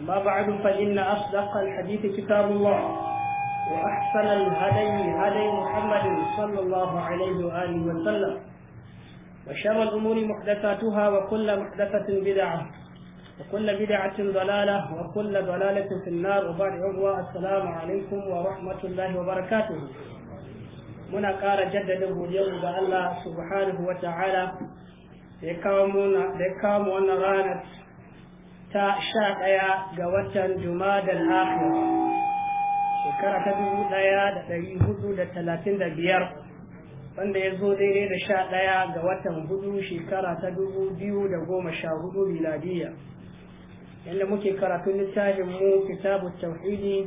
أما بعد فإن أصدق الحديث كتاب الله وأحسن الهدي هدي محمد صلى الله عليه وآله وسلم وشر الأمور محدثاتها وكل محدثة بدعة وكل بدعة ضلالة وكل ضلالة في النار وبعد عضوة السلام عليكم ورحمة الله وبركاته muna قال جدده اليوم بأن سبحانه وتعالى يكامون ta'ala da ta sha ɗaya ga watan Jumadal Akhir shekara ta dubu ɗaya da ɗari hudu da talatin da biyar wanda ya zo daidai da sha ɗaya ga watan hudu shekara ta dubu biyu da goma sha hudu miladiya yadda muke karatun littafin mu kitabu tauhidi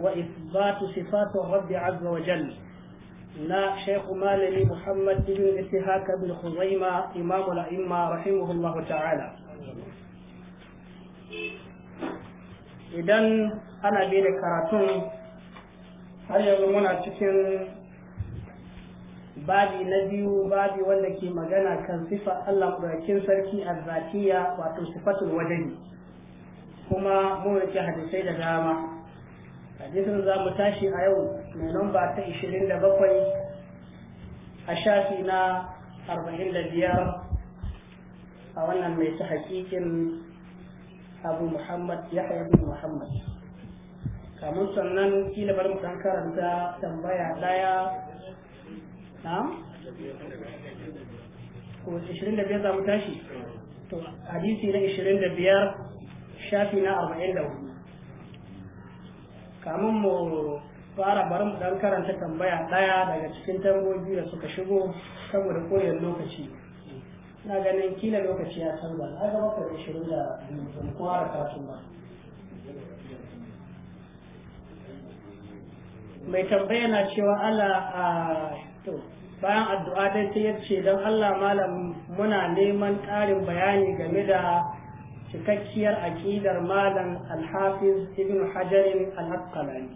wa isbatu sifatu rabbi azza wa jalla na shaikhu malami muhammad ibn ishaq ibn khuzaima imamu rahimahullahu ta'ala idan ana bai da karatun har yanzu muna cikin babi na biyu babi wanda ke magana kan sifa Allah ɗaukin sarki a zafiya wato sifatul wajen kuma mun rike hadisai da dama hadisin za mu tashi a yau mai lamba ta 27 a shafi na 45 a wannan mai ta hakikin abu muhammad ya bin muhammad kamun sannan kila bari mu kan karanta tambaya daya na ko 25 za mu tashi to hadisi na 25 shafi na 44 kamun mu fara bari mu dan karanta tambaya daya daga cikin tambobi da suka shigo saboda koyon lokaci na ganin kila lokaci ya canza na gaba ka da shirin da mutum kowa da mai tambaya na cewa ala a to bayan addu'a dai ta yace don Allah malam muna neman ƙarin bayani game da cikakkiyar aƙidar malam alhafiz ibn hajarin al-asqalani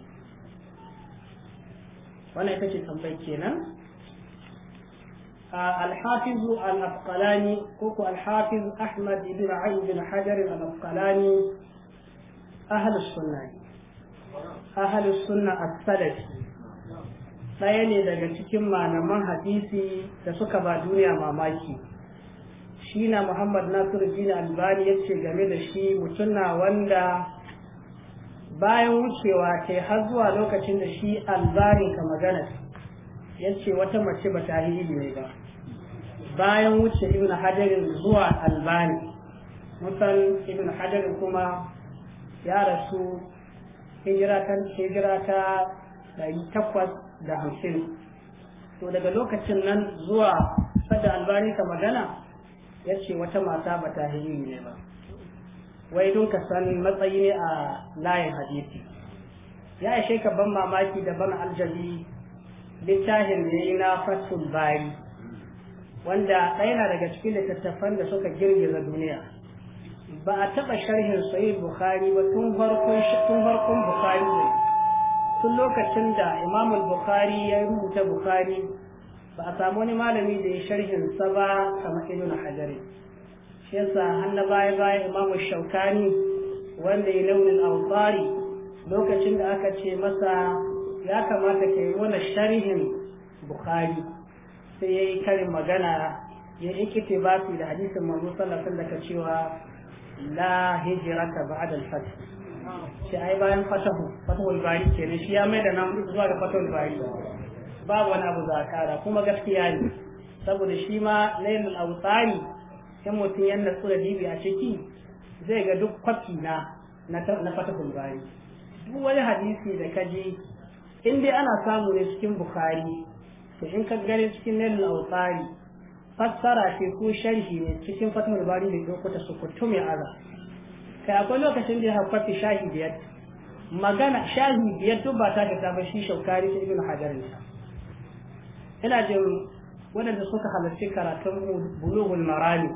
wannan ita ce tambayar kenan الحافظ الأفقلاني كوكو الحافظ أحمد بن عين بن حجر الأفقلاني أهل السنة أهل السنة السلفي ɗaya ne daga cikin malaman hadisi da suka ba duniya mamaki shi na muhammad nasiru jina albani ya ce game da shi mutum na wanda bayan wucewa ta har zuwa lokacin da shi albani ka magana ya ce wata mace ba ta yi ilimi ba bayan wuce ibn hajarin zuwa albani musan ibn hajarin kuma ya rasu hijira ta hijira takwas da hamsin to daga lokacin nan zuwa sadda albani ka magana ya ce wata mata ba ta yi ne ba wai don ka san matsayi ne a layin hadisi ya ishe ka ban mamaki da ban aljabi littafin da ya yi na fatul bari wanda ɗaya na daga cikin littattafan da suka girgiza duniya ba a taɓa sharhin sahih bukhari ba tun farkon tun bukhari ne tun lokacin da imam bukhari ya rubuta bukhari ba a samu wani malami da ya sharhin sa ba kamar ibn hajar shi yasa an na baya baya imamu shaukani wanda ya launin alfari lokacin da aka ce masa ya kamata ka yi wani sharhin bukhari sai ya yi karin magana ya ikite ba su da hadisin manzo sallallahu ka cewa la hijrata ba'da al-fath shi ai bayan fatahu fatahul bari kenan shi ya mai da nan zuwa da fatahul bari babu wani abu za kara kuma gaskiya ne saboda shi ma lailul awsari in mutum ya natsu da dibi a ciki zai ga duk kwafi na na fatahul bari duk wani hadisi da kaje in dai ana samu ne cikin bukhari to in ka gare cikin nailul awqari fassara ce ko sharhi ne cikin fatimul bari da ko ta sukutu mai aza kai akwai lokacin da ya kwafi shahi biyar magana shahi biyar duk ba ta ta ba shi shaukari ta ibn hajar ne ina jin waɗanda suka halarci karatun bulughul marami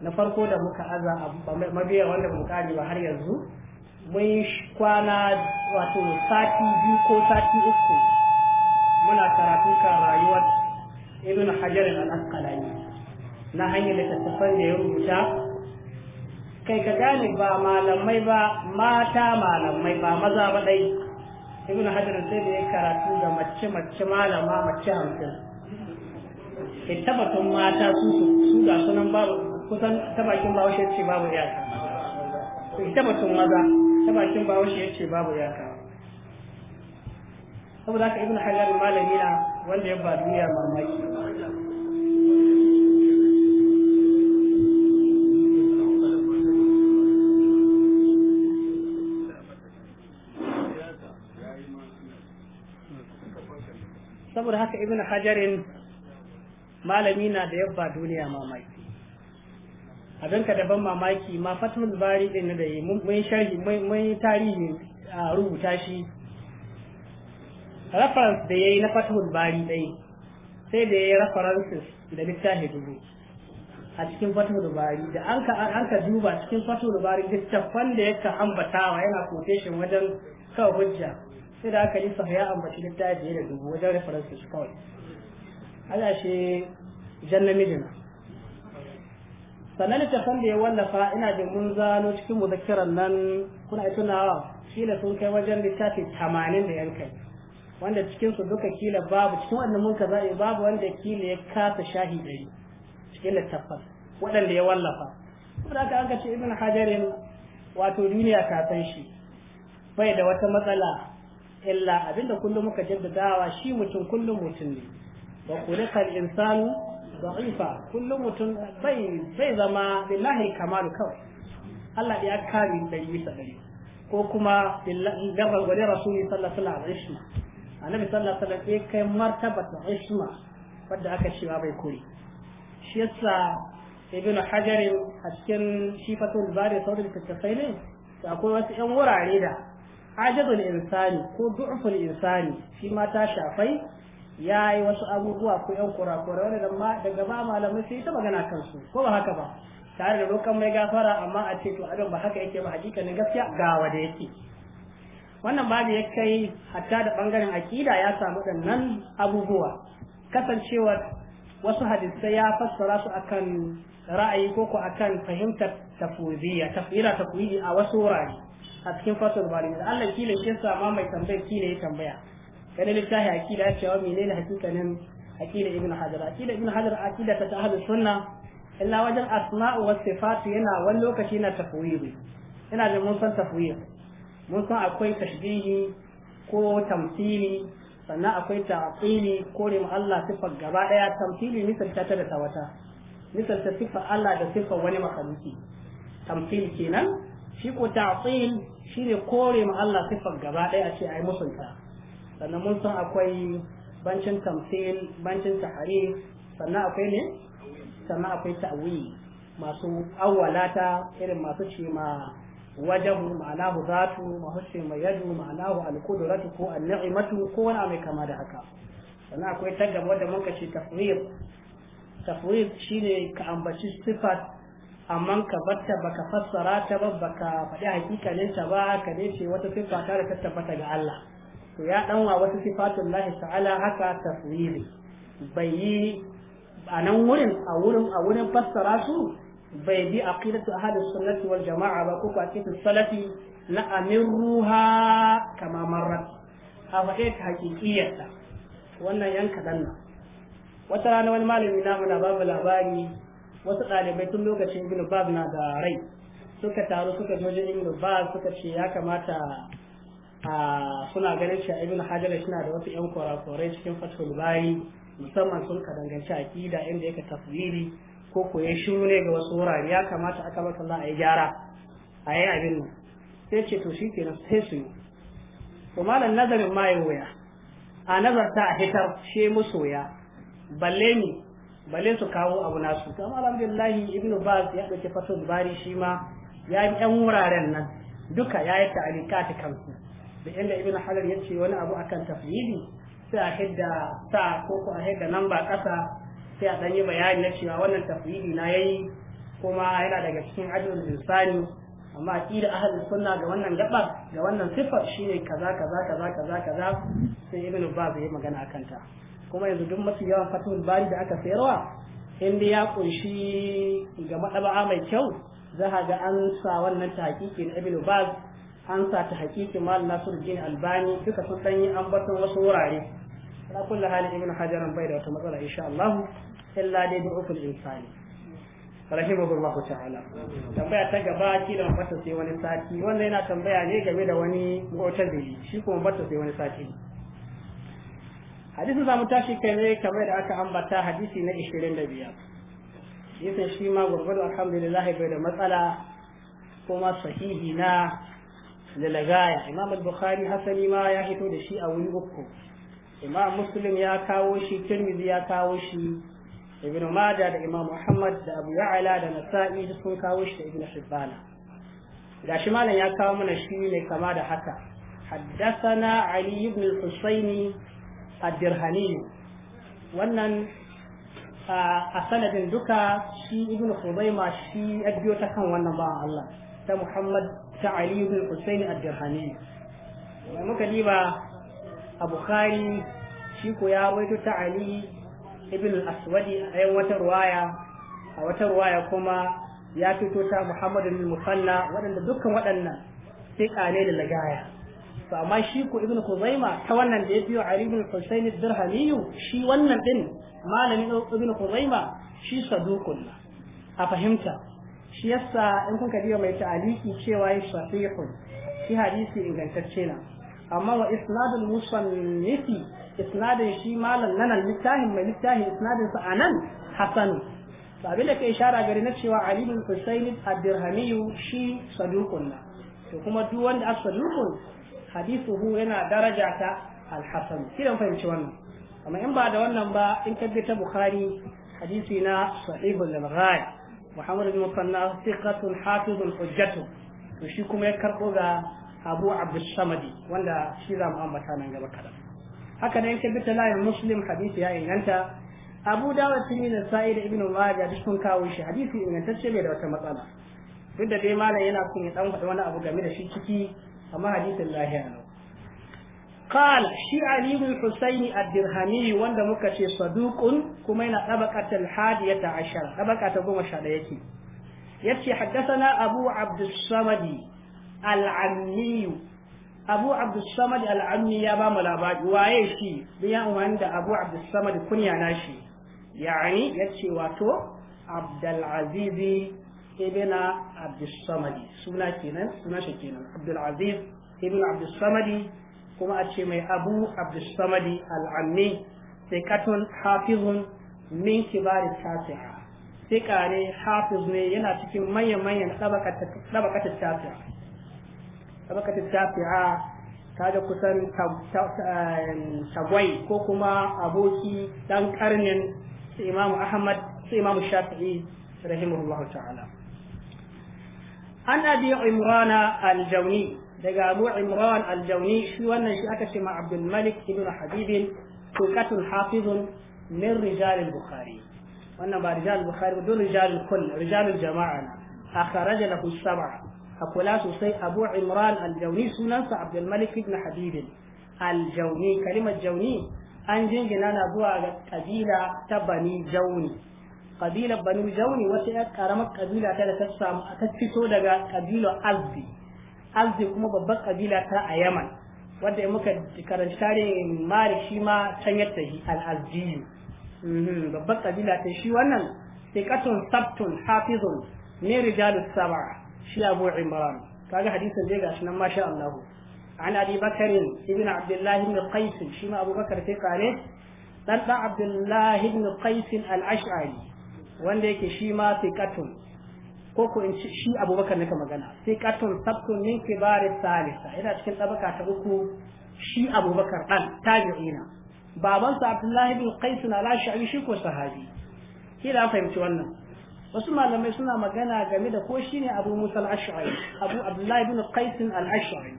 na farko da muka aza a mabiya wanda mu kare ba har yanzu mun kwana wato sati biyu ko sati uku muna karatun kan rayuwar ibn hajar al-asqalani na hanyar littattafan da ya rubuta kai ka gane ba malamai ba mata malamai ba maza ba dai ibn hajar sai da ya karatu da mace mace malama mace hamsin ke tabbatun mata su su ga sunan babu kusan tabakin bahaushe ce babu yaka ita tun maza tabakin bahaushe ya ce babu yaka. saboda haka ibn hajar malami na wanda ya ba duniya mamaki saboda haka ibn hajarin malami na da yabba duniya mamaki abin ka daban mamaki ma fatimul bari din da yi mun sharhi mun tarihi a rubuta shi reference da ya yi na fatahul bari ɗaya, sai da ya yi references da littafi dubu a cikin fatahul bari da an ka duba cikin fatahul bari littafan da yaka ambatawa yana quotation wajen kawo hujja sai da aka lissa ya ambaci littafi da dubu wajen references kawai ana shi jan namijin sannan littafan da ya wallafa ina jin mun zano cikin muzakkiran nan kuna tunawa shi ne sun kai wajen littafi tamanin da yankai. wanda cikin su duka kila babu cikin wannan mun kaza babu wanda kila ya kasa shahi dari cikin littafin waɗanda ya wallafa saboda haka an ce ibn hajarin wato duniya ta san shi bai da wata matsala illa abinda kullum muka jaddadawa shi mutum kullum mutum ne wa khuliqa al-insanu da'ifa kullum mutum bai bai zama billahi kamalu kawai Allah ya kare dan bisa dari ko kuma lillahi gaba wa rasuli sallallahu alaihi wasallam annabi sallallahu alaihi wasallam ya kai ta isma wadda aka cewa bai koyi shi yasa ibnu hajar a cikin sifatul bari saurin tattafai ne akwai wasu yan wurare da ajabul insani ko du'ful insani shi ma ta shafai ya yi wasu abubuwa ko yan kurakura wani daga ba malamai sai ta magana kansu ko ba haka ba tare da rokan mai gafara amma a ce to abin ba haka yake ba ne gaskiya ga wanda yake wannan babu ya kai hatta da bangaren akida ya samu nan abubuwa kasancewar wasu hadisai ya fassara su akan ra'ayi ko ko akan fahimtar tafwidiyya tafwira tafwidi a wasu wurare a cikin fasul bari da Allah kila ke sa ma mai tambayar kila ya tambaya Kana littafi akida ya cewa menene hakikanin akida ibn hajar akida ibn hajar akida ta hadu sunna illa wajen asma'u was sifatu yana wani lokaci na tafwidi yana da mun san tafwidi mun san akwai tashbihi ko tamthili sannan akwai ta'tili kore rim Allah sifar gaba daya tamthili misalta ta da tawata misalta sifar Allah da sifar wani makhluki tamthil kenan shi ko ta'til shine kore ma Allah sifar gaba daya a ce ai musunta sannan mun san akwai bancin tamthil bancin tahrif sannan akwai ne sannan akwai ta'wil masu awwalata irin masu ce ma Wadau ma'anahu zatu mahussi mai yadu ma'anahu alkudratu ko an'imatu ko wani mai kama da haka sannan akwai ta gaba da muka ce tafwid tafwid shine ka ambaci sifat amma ka batta baka fassara ta ba baka faɗi hakikalin ta ba ka ne ce wata sifa ta da ta tabbata ga Allah to ya danwa wata sifatun lahi ta'ala haka tafwidi bai yi a nan wurin a wurin a wurin fassara su bai bi aqidatu ahli sunnati wal jama'a ba ko ta salafi na amin ruha kama marrat a faɗe ta haƙiƙiyarta. wannan yan kaɗan nan wata rana wani malami na muna babu labari wasu ɗalibai tun lokacin gina bab na da rai suka taru suka jojo ibn bab suka ce ya kamata a suna ganin cewa ibn hajar suna da wasu yan kurakurai cikin fatul bayi musamman sun ka danganci aqida inda yake tasiri ko ko ya shiru ne ga wasu wurare ya kamata aka baka za a yi gyara a yi abin nan sai ce to shi kenan sai su yi to malam nazarin ma ya wuya a nazarta a hitar shi musu wuya balle ni balle su kawo abu nasu to alhamdulillah ibn baz ya dauki fatul bari shi ma ya yi yan wuraren nan duka ya yi ta'alikati kansu da inda ibn halar ya ce wani abu akan tafyidi sai a hidda sa ko ko a hidda nan ba kasa sai a dan yi bayani na cewa wannan tafsiri na yayi kuma yana daga cikin ajrul insani amma akida ahlus sunna ga wannan gaba ga wannan sifar shine kaza kaza kaza kaza kaza sai ibn baz yayi magana akan ta kuma yanzu duk mafi yawan fatul bari da aka sayarwa in dai ya kunshi ga madaba'a mai kyau za ga an sa wannan tahqiqi na ibn baz an sa ta hakikin mal nasiruddin albani duka sun dan yi ambaton wasu wurare ala kulli hali ibn an bai da wata matsala insha Allah illa dai bi ukul insani rahimahullahu ta'ala tambaya ta gaba kila mata sai wani sati wannan yana tambaya ne game da wani mu'tazili shi kuma mata sai wani sati hadisin zamu tashi kai ne kamar da aka ambata hadisi na 25 yasan shi ma gurgudu alhamdulillah bai da matsala kuma sahihi na da lagaya imam al-bukhari hasani ma ya hito da shi a wuri uku imam muslim ya kawo shi tirmidhi ya kawo shi ibn majah da imam muhammad da abu ya'ala da nasa'i sun kawo shi da ibn hibban gashi malam ya kawo mana shi ne kama da haka haddathana ali ibn al-husaini ad-dirhani wannan a sanadin duka shi ibn khuzaima shi ajiyo ta kan wannan ba Allah ta muhammad ta ali ibn husaini ad-dirhani muka diba a bukhari shi ko ya rawaito ta ali ibn al-aswadi a yan wata ruwaya a wata ruwaya kuma ya fito ta muhammadu bin musanna waɗanda dukkan waɗannan sai ne da lagaya to amma shi ko ibn kuzaima ta wannan da ya biyo ali ibn husayn ad shi wannan din malamin ibn kuzaima shi saduqun a fahimta shi yasa in kun kadiya mai ta'aliki cewa sahihun shi hadisi ingantacce na amma wa isnadul musannifi isnadin shi malam nan littafin mai littafin isnadin sa anan hasan to abinda sha ishara gari na cewa ali bin husayn ad-dirhami shi saduqun na to kuma duk wanda as-saduqun hadithuhu yana daraja ta al-hasan kidan fahimci wannan amma in ba da wannan ba in ka ta bukhari hadisi na sahihul al-ghaya muhammad bin musanna thiqatun hafizun hujjatu to shi kuma ya karbo ga abu abdussamadi wanda shi za mu ambata nan gaba kaɗan haka nan ka bita layin muslim hadisi ya inganta abu dawud tuni da sa'id ibn majah duk sun kawo shi hadisi ingantacce bai da wata matsala duk da dai malam yana son ya dan faɗi wani abu game da shi ciki amma hadisin lahiya ne قال شي علي بن الحسين الدرهمي wanda muka ce saduqun kuma yana tabaqatul hadiyata ashara tabaqata goma shaɗa da yake yace haddathana abu abdus samadi al'ammiyu abu abdussamad al'ammi ya ba mu labari waye shi biya umarni da abu abdussamad kunya na shi yani ya ce wato abdulaziz ibn abdussamad suna kenan suna shi kenan abdulaziz ibn abdussamad kuma a ce mai abu abdussamad al'ammi sai katon hafizun min kibari tasi'a sai kare hafiz ne yana cikin manyan manyan tabakatar tasi'a tabaka tafi'a ta da kusan tagwai ko kuma aboki dan karnin su imamu ahmad su imamu shafi'i rahimahullahu ta'ala an abi imran al-jawni daga abu imran al-jawni shi wannan shi aka ce ma abdul malik ibn habib tukatun hafizun min rijal al-bukhari wannan ba rijal al-bukhari ba dun rijal al-kull rijal al-jama'a akhraja lahu sab'a a kula sosai abu imran aljauni sunansa abdulmalik ibn habibin aljauni kalimar jauni an jingina na zuwa ga kabila ta bani jauni kabilar bani jauni wata yar karamar kabila ta da ta samu ta fito daga kabilar azzi azzi kuma babbar kabila ta a yaman wadda ya muka karanci tarihin malik shi ma can yadda shi al'azziyu babbar kabila ta shi wannan sai katon sabtun hafizun ne rijalus saba'a shi abu imran kaga hadisin dai gashi nan masha Allah an abi bakr ibn ibn qais shi ma abu bakr sai kare ibn qais al-ash'ari wanda yake shi ma thiqatun ko shi abu bakr naka magana thiqatun sabtun min kibar salisa ina cikin tabaka ta uku shi abu bakr dan tabi'ina babansa abdullah ibn qais al-ash'ari shi ko sahabi kila fahimci wannan wasu malamai suna magana game da ko shine abu musa al-ash'ari abu abdullahi ibn qais al-ash'ari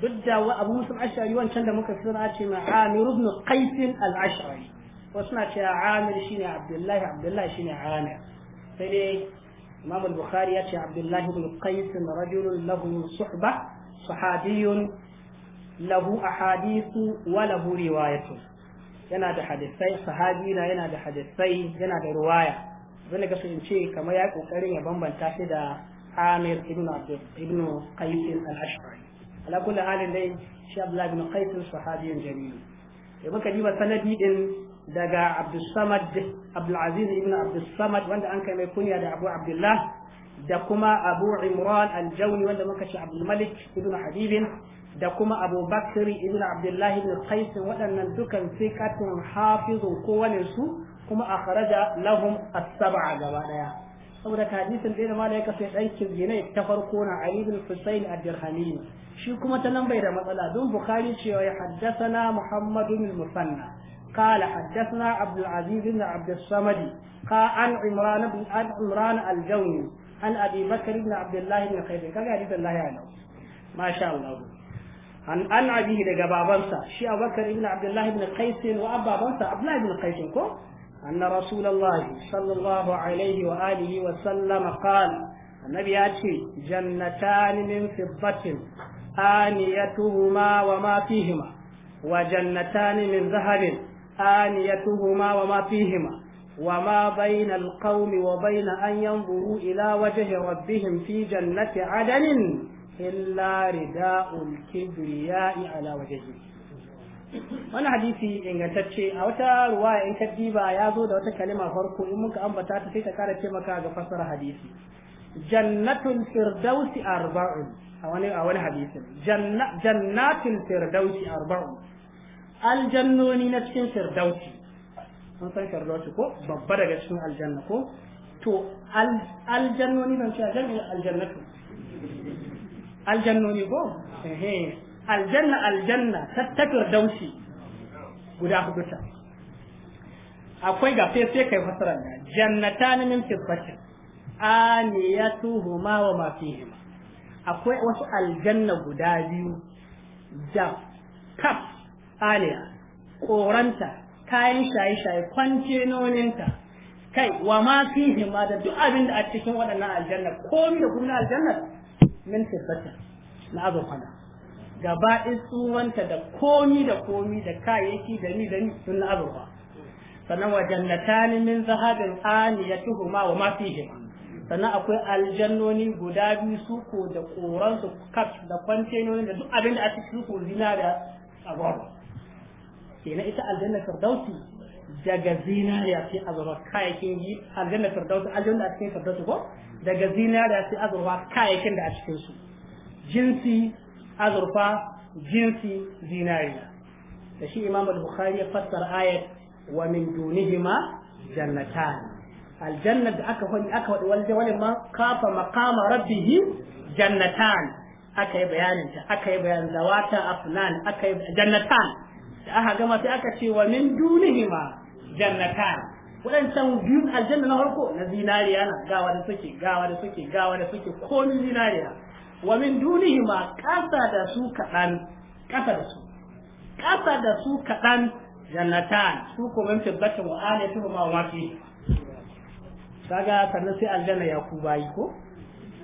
duk da abu musa al-ash'ari wancan da muka sura ce ma amir ibn qais al-ash'ari wasu na cewa amir shine abdullahi abdullahi shine amir sai dai imam al-bukhari ya ce abdullahi ibn qais rajulun lahu suhba sahabiyun lahu ahadithu wa lahu riwayatun yana da hadisai sahabi na yana da hadisai yana da riwaya zan ga sun ce kamar ya kokarin ya bambanta shi da Amir ibn Abdul ibn Qais al-Ash'ari ala kulli halin dai shi Abdullah ibn Qais sahabiyan jamil da muka diba sanadi din daga Abdul Samad Abdul Aziz ibn Abdul Samad wanda an kai mai kunya da Abu Abdullah da kuma Abu Imran al-Jawni wanda muka ce Abdul Malik ibn Habibin da kuma Abu Bakr ibn Abdullah ibn Qais waɗannan dukan sai katun hafizun kowane su kuma akhraja lahum as-sab'a gaba daya saboda hadisin da malai ka sai dan kirgine ta farko na Ali bin Husayn ad-Dirhami shi kuma ta nan bai da matsala don Bukhari cewa ya haddathana Muhammad bin Musanna قال حدثنا عبد العزيز بن عبد الصمد قال عن عمران بن عمران الجوني عن ابي بكر بن عبد الله بن خير كما حديث الله يعلم ما شاء الله عن عن ابيه babansa shi Abubakar ibn Abdullah ibn Qais wa ababansa Abdullah ibn Qais ko أن رسول الله صلى الله عليه وآله وسلم قال النبي يأتي جنتان من فضة آنيتهما وما فيهما وجنتان من ذهب آنيتهما وما فيهما وما بين القوم وبين أن ينظروا إلى وجه ربهم في جنة عدن إلا رداء الكبرياء على وجهه wani hadisi ingantacce a wata ruwaya in kaddiba ya zo da wata kalima farko in muka ambata ta sai ta kara maka ga fasara hadisi jannatul firdausi arba'un a wani a wani hadisin jannatul firdausi arba'un aljannoni na cikin firdausi mun san firdausi ko babba daga cikin aljanna ko to aljannoni ban ce aljannatu aljannoni ko aljanna aljanna tattakar daushi guda hudu ta akwai ga sai sai kai fasaran da jannatan min aniyatu huma wa ma fihima akwai wasu aljanna guda biyu da kaf aliya koranta kayan shaye-shaye noninta. kai wa ma fihima da duk abin da a cikin waɗannan aljanna komai da kuma aljanna min kibbatin na azurfana gaba tsuwanta da komi da komi da kayayyaki da ni da ni sun na azurfa sannan wa jannatani min zahabin aniyatuhuma wa ma fihima sannan akwai aljannoni guda biyu su ko da koran su kaf da kwantenoni da duk abin da aka cikin ko zinariya azurfa kenan ita aljanna firdausi daga zinariya sai azurfa kayayyakin yi aljanna firdausi aljanna a cikin firdausi ko daga zinariya sai azurfa kayayyakin da a cikin su jinsi أذرفا جنس زنائنا لشي إمام البخاري فسر آية ومن دونهما جنتان الجنة أكوان أكوان والد ولما قاف مقام ربه جنتان أكي بيان أكي بيان ذوات أفنان أكي جنتان أها كما آية تأكشي ومن دونهما جنتان ولن تنجيب الجنة نهرقو نزيناريانا قاوة سكي قاوة سكي قاوة سكي كون زيناريانا wa min dunihima kasa da su kaɗan kasa da su kasa da su kaɗan jannatan su ko min tabbata wa alatu ma wa fi kaga sannan sai aljanna ya ku bayi ko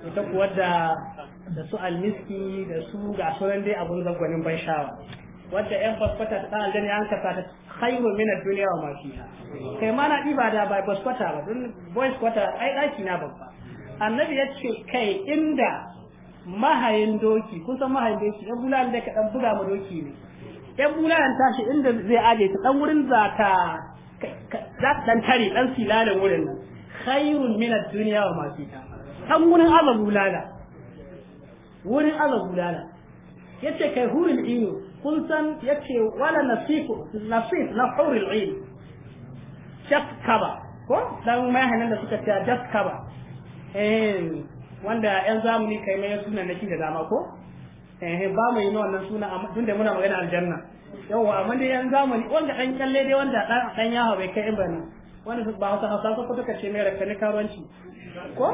ita kuwa da da su almiski da su ga sunan dai abun zagwanin ban sha'awa wadda yan fasfata ta aljanna an kasa ta khairu min ad-dunya wa ma fiha kai ma na diba da bai fasfata ba don boys kwata ai daki na babba annabi ya ce kai inda mahayin doki kusan mahayin doki ɗan bulalan da ka ɗan buga ma doki ne ɗan bulayen tashi inda zai aje ta ɗan wurin za ta za ta dan tare ɗan silalin wurin nan khairun min duniya wa masu ita ɗan wurin aza bulala wurin aza bulala ce kai hurin iyu kun san ya ce wala nasifu nasif na hurin iyu jaskaba ko ɗan mahayin da suka ta jaskaba eh wanda yan zamani kai mai na naki da dama ko eh ba mu yi wannan suna amma tunda muna magana aljanna Yawwa amma dai yan zamani wanda dan kalle dai wanda dan dan yawo bai kai ba ne wanda ba hausa hausa ko kuka ce mai rakka ne karuwanci ko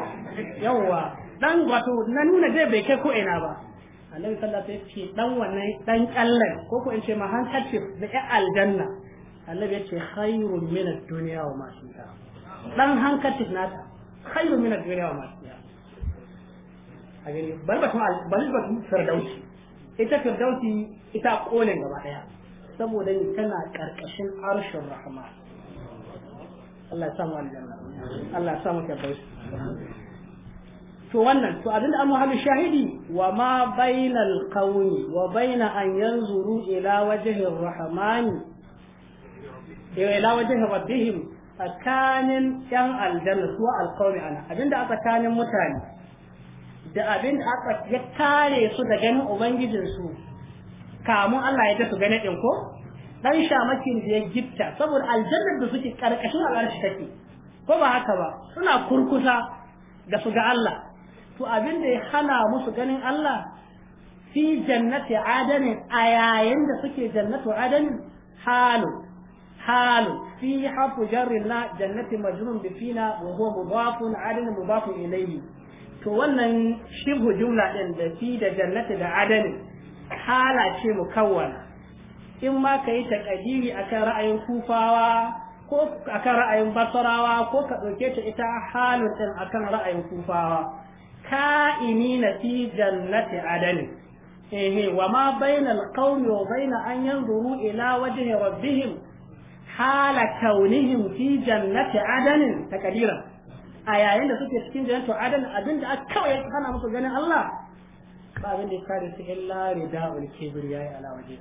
Yawwa ɗan wato na nuna dai bai kai ko ina ba annabi sallallahu alaihi wasallam ya ce dan wannan ɗan kallan ko ko in ce ma hankacin da ya aljanna annabi ya ce khairun min duniya wa ma fiha Ɗan hankacin nata khairun min ad wa ma fiha a gani bal batun bal batun firdausi ita firdausi ita kolin gaba daya saboda ni tana karkashin arshin rahama Allah ya samu aljanna Allah ya samu firdausi to wannan to abinda an muhammi shahidi wa ma bainal qawmi wa baina an yanzuru ila wajhi rahmani eh, ila wajhi rabbihim tsakanin yan aljanna ko alqawmi ana abinda aka tsakanin mutane da abin da aka ya kare su da ganin ubangijinsu kamun Allah ya tafi ganin ɗin ko sha shamakin da ya gifta saboda aljannar da suke karkashin al'arshi take ko ba haka ba suna kurkusa da su ga Allah to abin da ya hana musu ganin Allah fi jannati adanin a yayin da suke jannatu adanin halu halu fi hafu jarrin na jannati majnun da fina wa huwa mudafun adanin mudafun ilayhi to wannan shibhu jumla din da fi da jannati da adani hala ce mukawwana in ma ka yi takadiri akan ra'ayin kufawa ko akan ra'ayin basarawa ko ka ɗauke ta ita halin ɗin akan ra'ayin kufawa na fi jannati adani ehe wa ma bainal qawmi wa baina an yanzuru ila wajhi rabbihim hala kaunihim fi jannati adani takadiran a yayin da suke cikin to adana abin da aka kawai hana musu ganin Allah ba abin da ya kare su illa rida'ul kibir ya ala waje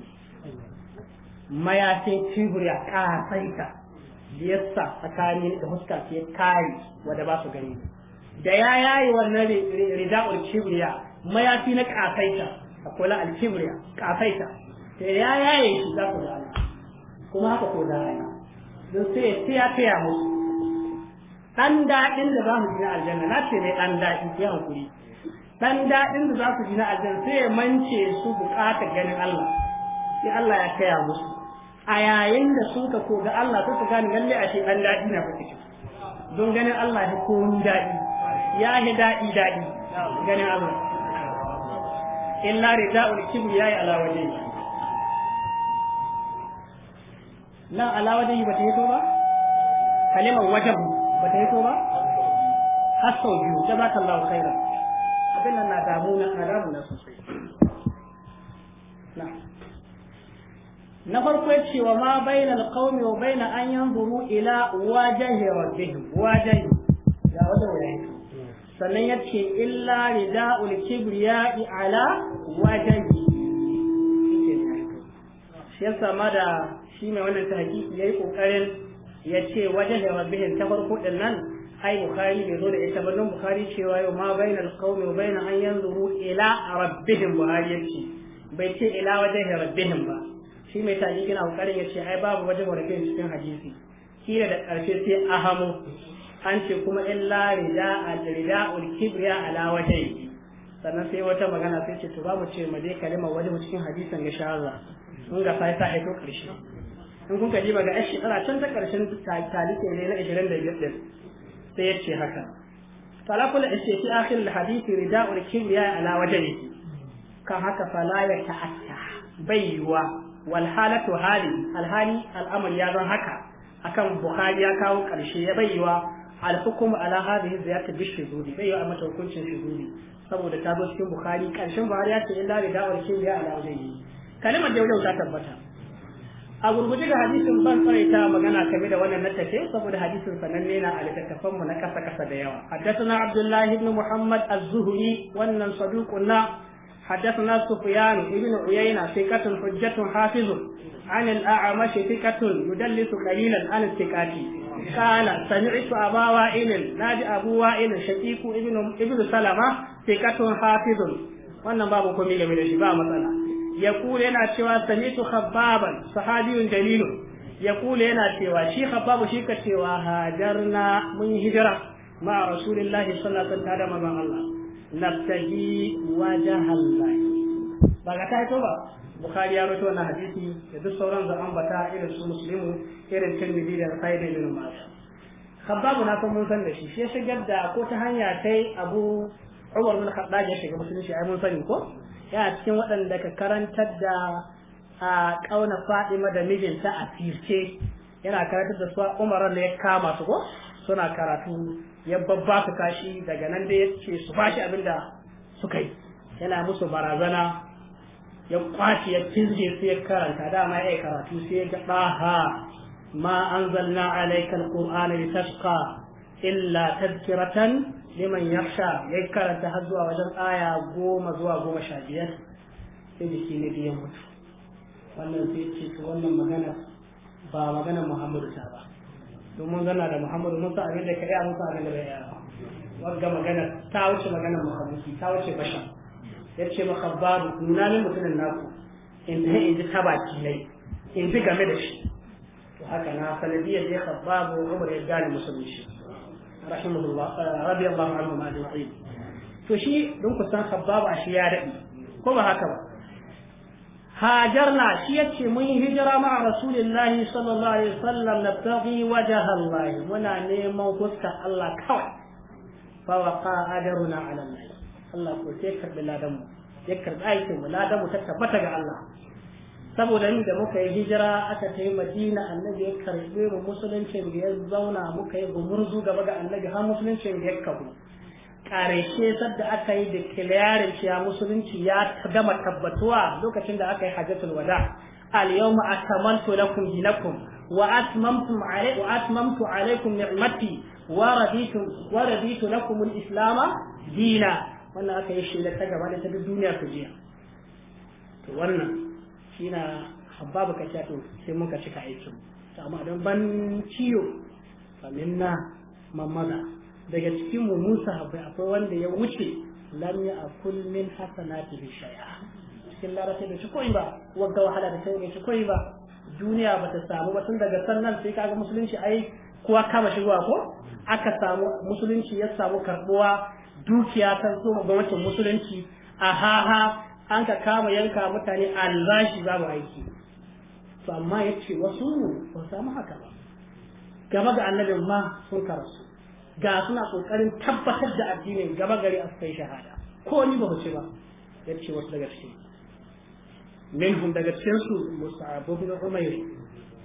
mayace kibir ya kasaita liyassa tsakani da huska ce kai wanda ba su gani da ya yayi wannan rida'ul kibriya mayafi na kasaita akwai kula al-kibriya kasaita da ya yayi shi za ku da kuma haka ko da don sai ya tsaya musu dan daɗin da za mu ji na aljanna na ce mai dan daɗi ku hakuri dan daɗin da za ku ji na aljanna sai ya mance su buƙatar ganin Allah sai Allah ya kaya musu a yayin da su ka ko ga Allah ka gane lalle a ce dan daɗi na fa cikin don ganin Allah ya komi daɗi ya yi daɗi daɗi ganin Allah illa rida'ul kibri yayi alawaje nan alawaje ba ta yi to ba kalimar wajen ba ta hito ba har sau biyu abin nan na damuna na damuna sosai na farko cewa ma wa baina an yanzuru ila wajhi rabbihim wajhi ga wata wajen sannan yace illa ridaul kibriya'i ala wajhi shi ya sama da shi mai wannan ya yayi ƙoƙarin. ya ce wajen da bihin ta farko din nan ai bukari bai zo da ita ba don bukari cewa yau ma bainal qaumi bai nan an yanzuru ila rabbihim buhari ce bai ce ila wajen rabbihim ba shi mai taji kina ya yace ai babu wajen rabbihim cikin hadisi kila da karshe sai ahamu an ce kuma illa rida ul kibriya ala wajhihi sannan sai wata magana sai ce to ba mu ce mu dai kalimar wajen cikin hadisin ga shaza mun ga sai ta aiko karshe in kun kaji ga yan shekara can ta karshen talike ne na 25 din sai ya ce haka falakul ishtiqi akhir alhadith rida'ul kimya ala wajhihi Ka haka fala ya ta'atta baiwa wal halatu hali alhali al'amari ya zan haka akan bukhari ya kawo karshe ya baiwa alhukum ala hadhihi ziyarati bishuzuri baiwa a mata hukuncin shuzuri saboda ta zo cikin bukhari karshen buhari ya ce illa rida'ul kimya ala wajhihi kalimar da yau ta tabbata a gurguje da hadisin ban tsaraita magana kame da wannan nattake saboda hadisin sananne na a littattafan mu na kasa kasa da yawa haddathana Abdullahi ibn muhammad az-zuhri wannan saduqun na haddathana sufyan ibn uyayna thiqatun hujjatun hafizun an al-a'mash thiqatun yudallisu qalilan an thiqati qala sami'tu aba wa'il nadi abu Shafiku shaqiqu ibn ibn salama thiqatun hafizun wannan babu komai game da shi ba matsala يقول هنا cewa سمعت خبابا صحابي جليل يقول هنا شوى شي خباب شي كشوى هاجرنا من هجرة مع رسول الله صلى الله عليه وسلم مع الله نبتغي وجه الله بقى تايتو bukhari ya rawaito wannan hadisi da duk sauran da ambata irin su muslimu irin tirmidhi da sai ibn majah khabbabu na san mun san da shi shi shigar da ko ta hanya kai abu umar bin khaddaj ya shiga musulunci ai mun sani ko yana cikin waɗanda ka karantar da a ƙauna fa'ima da mijinta a firce yana karantar da su a Umar da ya kama su ko suna karatu ya babba su kashi daga nan da ya ce su bashi abin da suka yi yana musu barazana ya ƙwace ya cinje su ya karanta dama ya karatu sai ya ga ha ma an anzalna alaikal qur'ana litashqa illa tadhkiratan liman sha ya karanta har zuwa wajen aya goma zuwa goma sha biyar sai jiki na biyan mutu wannan sai ce to wannan magana ba magana muhammadu ta ba domin zana da muhammadu mun sa abin da ka a musa abin da bai yara wanda magana ta wuce magana muhammadu ta wuce basha ya ce maka babu nuna min mutumin naku in ta in ji ta baki ne in ji game da shi to haka na sanadiyar ya babu umar ya gane musulunci rahimahullah eh, radiyallahu anhu ma ajma'in to shi don ku san habbaba shi ya dadi ko ba haka ba hajarna shi yace mun yi hijira ma rasulullahi sallallahu alaihi wasallam nabtaghi wajha Allah muna neman fuska Allah kawai fa waqa ajruna ala Allah Allah ko sai karbi ladan mu ya karbi aikin mu ta tabbata ga Allah saboda ni da muka yi hijira aka ta yi madina annabi ya karbe mu musuluncin da ya zauna muka yi gumurzu gaba ga annabi har musuluncin da ya kabu karshe sadda aka yi da kiliyarin ya musulunci ya gama tabbatuwa lokacin da aka yi hajjatul wada Al اليوم أكملت wa دينكم وأتممت علي وأتممت عليكم نعمتي ورديت ورديت لكم islama دينا wannan aka yi shi da ta gaba da ta duniya ku jiya to wannan shi na habbabu ka to sai muka cika aikin amma don ban ciyo faminna mammaza daga cikin mu musa habbai akwai wanda ya wuce lam ya akul min hasanati bi shay'a cikin larabci da koyi ba wagga wahala da sai ne koyi ba duniya ba ta samu ba tun daga sannan sai kaga musulunci ai kuwa kama shigowa ko aka samu musulunci ya samu karbuwa dukiya ta zo gwamnatin musulunci a haha an ka kama yanka mutane albashi babu aiki to amma ya ce wasu ba samu haka ba gaba ga annabin ma sun karasu ga suna kokarin tabbatar da addinin gaba gari a kai shahada ko ni ba ce ba ya ce wasu daga cikin minhum daga cikin su mus'ab bin umayr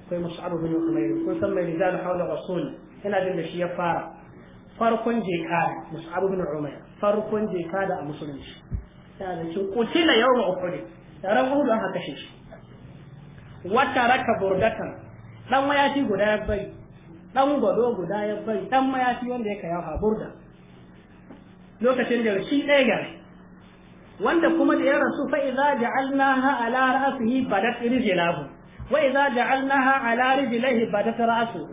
kai mus'ab bin umayr kun san mai rijal hawla rasul Ina jin da shi ya fara farkon jeka mus'ab bin umayr farkon jeka da musulunci ta da na kutila yawma uhud taron uhud an haka shi wata raka burgatan dan mayafi guda ya bari dan gwado guda ya bari dan mayafi wanda ya kaya burda lokacin da shi ɗaya gare wanda kuma da ya rasu fa idza ja'alnaha ala ra'sihi badat rijlahu wa idza ja'alnaha ala rijlihi badat ra'su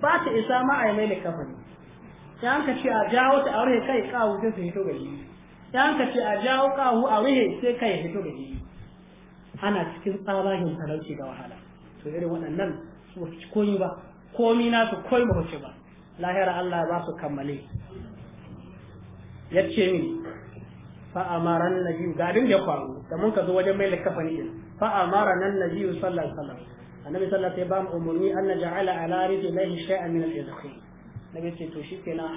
ba ta isa ma a mai likafani sai an ka ce a jawo ta aure kai kawo ta sai to gari yan ka ce a jawo kahu a rihe sai kai fito da shi ana cikin tsabahin talauci da wahala to irin waɗannan su ba ci koyi ba komi na su koyi ba ci ba lahira Allah ba su kammale ya ce min fa'amaran annabi ga din ya faru da mun ka zo wajen mai likafani din amara nan nabi sallallahu alaihi wasallam annabi sallallahu alaihi wasallam umurni an naj'ala ala rijlihi shay'an min al-izqi nabi ce to shi kenan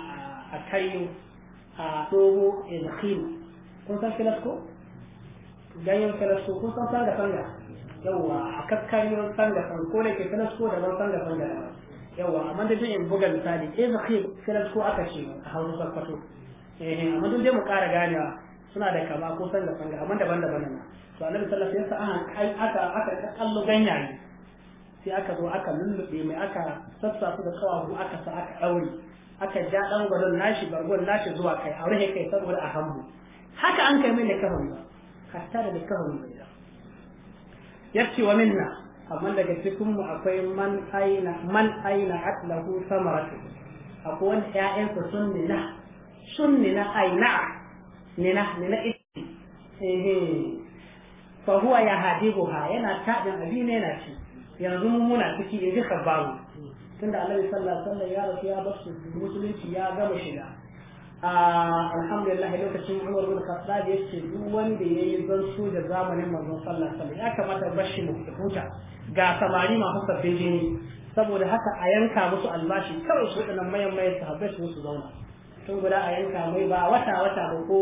a kai. a togo ezahil kun san filasko ganyen filasko kun san sanga sanga yawa a kakkariyar sanga ko da ke filasko da ban sanga sanga daban yawa amma da in buga misali ezahil filasko aka ce a hausa sakwato amma duk dai mu kara ganewa suna da kama ko sanga sanga amma daban-daban nan to annabi sallallahu alaihi wasallam aka aka kallo ganyaye sai aka zo aka lullube mai aka sassa su da kawahu aka sa aka daure aka ja dan gwadon nashi bargon nashi zuwa kai a rufe kai saboda a hambu haka an kai mai likafin ba hatta da likafin ba. ya yace wa minna amma daga cikin mu akwai man aina man aina atlahu samaratu akwai wanda ƴaƴansa sun nina sun nina aina nina nina eh fa huwa ya ha yana tabin abin na ci yanzu mu muna ciki in ji khabaru tunda Annabi sallallahu alaihi wasallam ya rasu ya bar musulunci ya gama shiga alhamdulillah lokacin Umar bin Khattab yake duk wanda yayi zanso da zamanin manzon sallallahu alaihi wasallam ya kamata bashi mu kuta. ga samari masu sabbin jini saboda haka a yanka musu albashi kawai su wadannan mayan mayan sahabbai su su zauna tun guda a yanka mai ba wata wata ba ko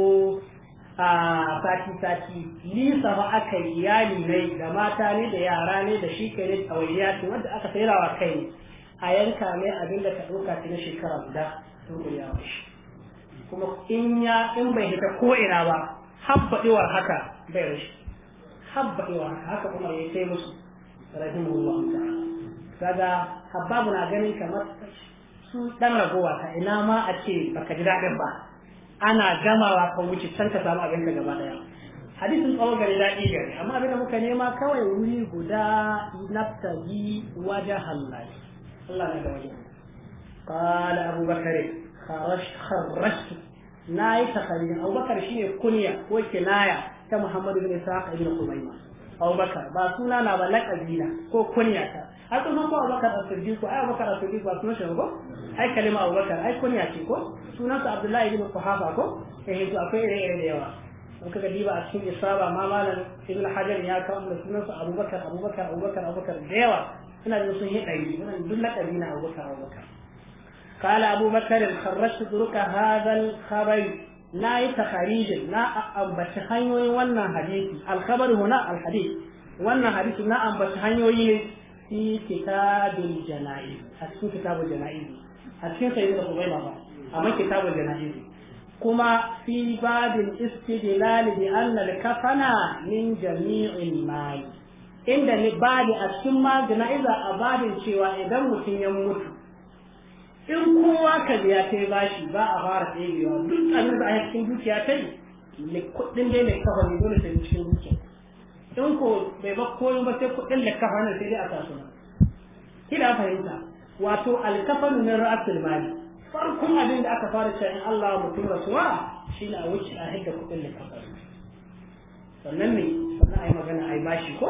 a sati sati nisa ba aka yi iyali ne da mata ne da yara ne da shi kai ne a ya ce wanda aka sayarwa kai ne a yanka mai abin da ka ɗauka cikin shekara guda to ya wuce kuma in ya in bai hita ko ina ba habbaɗewar haka bai rushe habbaɗewar haka haka kuma ya kai musu rahimahullahu ta kaga habbabu na ganin kamar su dan ragowa ka ina ma a ce baka ji daɗin ba ana gamawa ka wuce san ka samu abin ka gaba daya hadisin tsawon gari daɗi gari amma abin da muka nema kawai wuri guda naftali wajen hallaye Allah ne ga kharash na yi takaririn Abu shi ne kunya ko kinaya ta Muhammadu bin Isa a ibn Kumaima. Abu Bakar ba suna na ba laƙabi na ko kunya ta. Har ko Abu Bakar as ai Abu Bakar as-Siddiq ba sunan ko? Ai kalima Abu ai kunya ce ko? Sunan sa Abdullahi ibn Sahaba ko? Eh to akwai ire-ire da yawa. Sun kaga a cikin Isra ba ma malam Ibn Hajar ya kawo da sunan sa Abu Bakar Abu da yawa. ina da sun yi ɗari na abu sa'a maka kala abu makarin harrashi turka hadal na yi takharijin na ambaci hanyoyin wannan hadisi alkhabari huna alhadis wannan hadisi na ambaci hanyoyi ne fi kitabul jana'i kuma ba amma kitabul jana'i kuma fi babin istidlal kafana min jami'il mali inda ni bani a cikin magana iza a babin cewa idan mutum ya mutu in kowa ka biya ta bashi ba a fara tsayewa duk tsanin da a cikin dukiya ta yi ne kuɗin dai mai kafa ne dole ta yi cikin dukiya in ko bai ba koyi ba sai kuɗin da kafa ne sai dai a ki kina fahimta wato alkafan na ra'asul mali farkon abin da aka fara cewa in Allah mutum rasuwa shi ne a wuce a hidda kuɗin da kafa sannan ne sannan a yi magana a yi bashi ko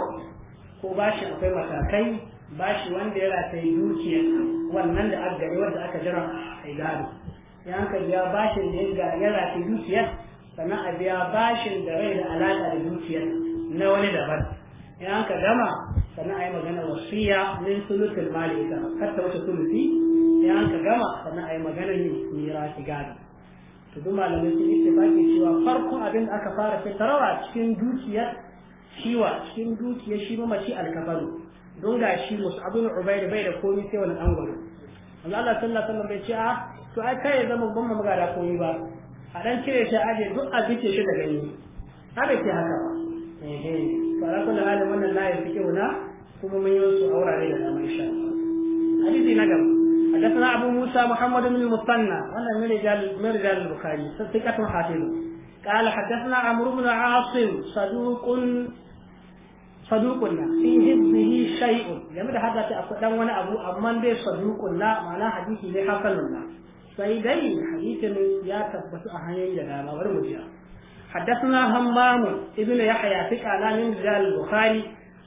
ko bashi akwai matakai bashi wanda ya yi dukiya wannan da aka gari wanda aka jira a gado ya an biya bashin da ya rataye dukiyar sannan a biya bashin da rai da alaƙa da dukiyar na wani daban Ya an ka gama sannan a yi magana wasiya min sulutun mali ita wata ta ya suluti gama sannan a yi magana yi mirasi gado to duk malamai sun yi ke cewa farkon abin da aka fara fitarwa cikin dukiyar ciwa cikin dukiyar shi ma mace alkabaru don ga shi musu abin ubaida bai da komi sai wani an gwado Allah Allah sallallahu alaihi bai ce a ah, to ai kai zama ban ma magana komi ba a dan kire shi a je duk a bice shi da gani haka ke haka ba eh eh to ala da halin wannan layi take wuna kuma mun yi su aurare da dama insha Allah hadisi na gaba حدثنا أبو موسى محمد بن المثنى وأنا من رجال من رجال البخاري ثقة حافظ قال حدثنا عمرو بن عاصم صدوق صدوقنا في حفظه شيء game da haka ta akwai dan wani abu amma bai na. ma'ana hadisi ne hasanunna sai dai hadisin ya tabbatu a hanyar da dama bari mu ji حدثنا همام ابن يحيى ثقة من رجال البخاري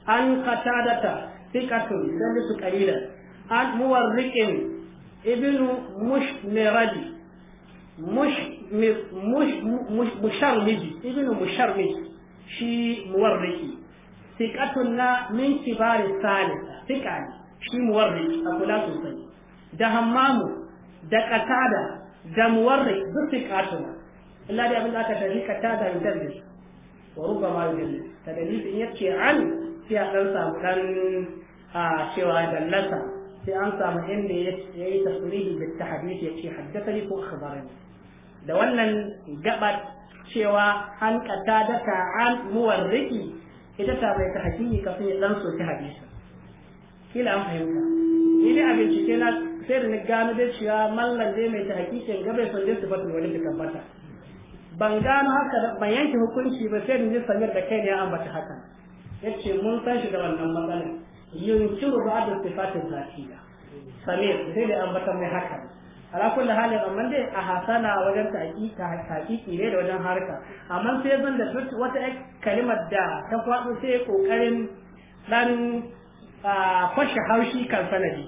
عن قتادة ثقة يدرس قليلا عن مورق ابن مشمرد musharmiji ibn musharmiji shi muwarriki sikatun na min kibarin salisa sika ne shi muwarriki a kula sosai da hammamu da katada da muwarriki duk sikatun illa dai abin da aka tafi katada yudarris wa rubba ma yudarris ta dalilin yace an sai a dan samu dan a cewa dallasa sai an samu inda ya yi tasirihi da ta hadisi ya ce haddasa ko akhbarani da wannan gabar cewa an kata da ta'an riki ita ta bai ta hakiki kafin ya dan soki hadisi kila an fahimta ni ne a bincike na sai da na gano da cewa mallan dai mai ta hakikin gabe son dai su fatu wani da bata. ban gano haka ban yanke hukunci ba sai da ni samir da kai ne an bata haka yace mun san shi da wannan matsalar ba da sifatin zakiya samir sai da an bata mai haka ala kulli halin amma dai a hasana wajen ta hakiki ne da wajen harka amma sai zan da wata kalimar da ta kwado sai kokarin dan fashe haushi kan sanadi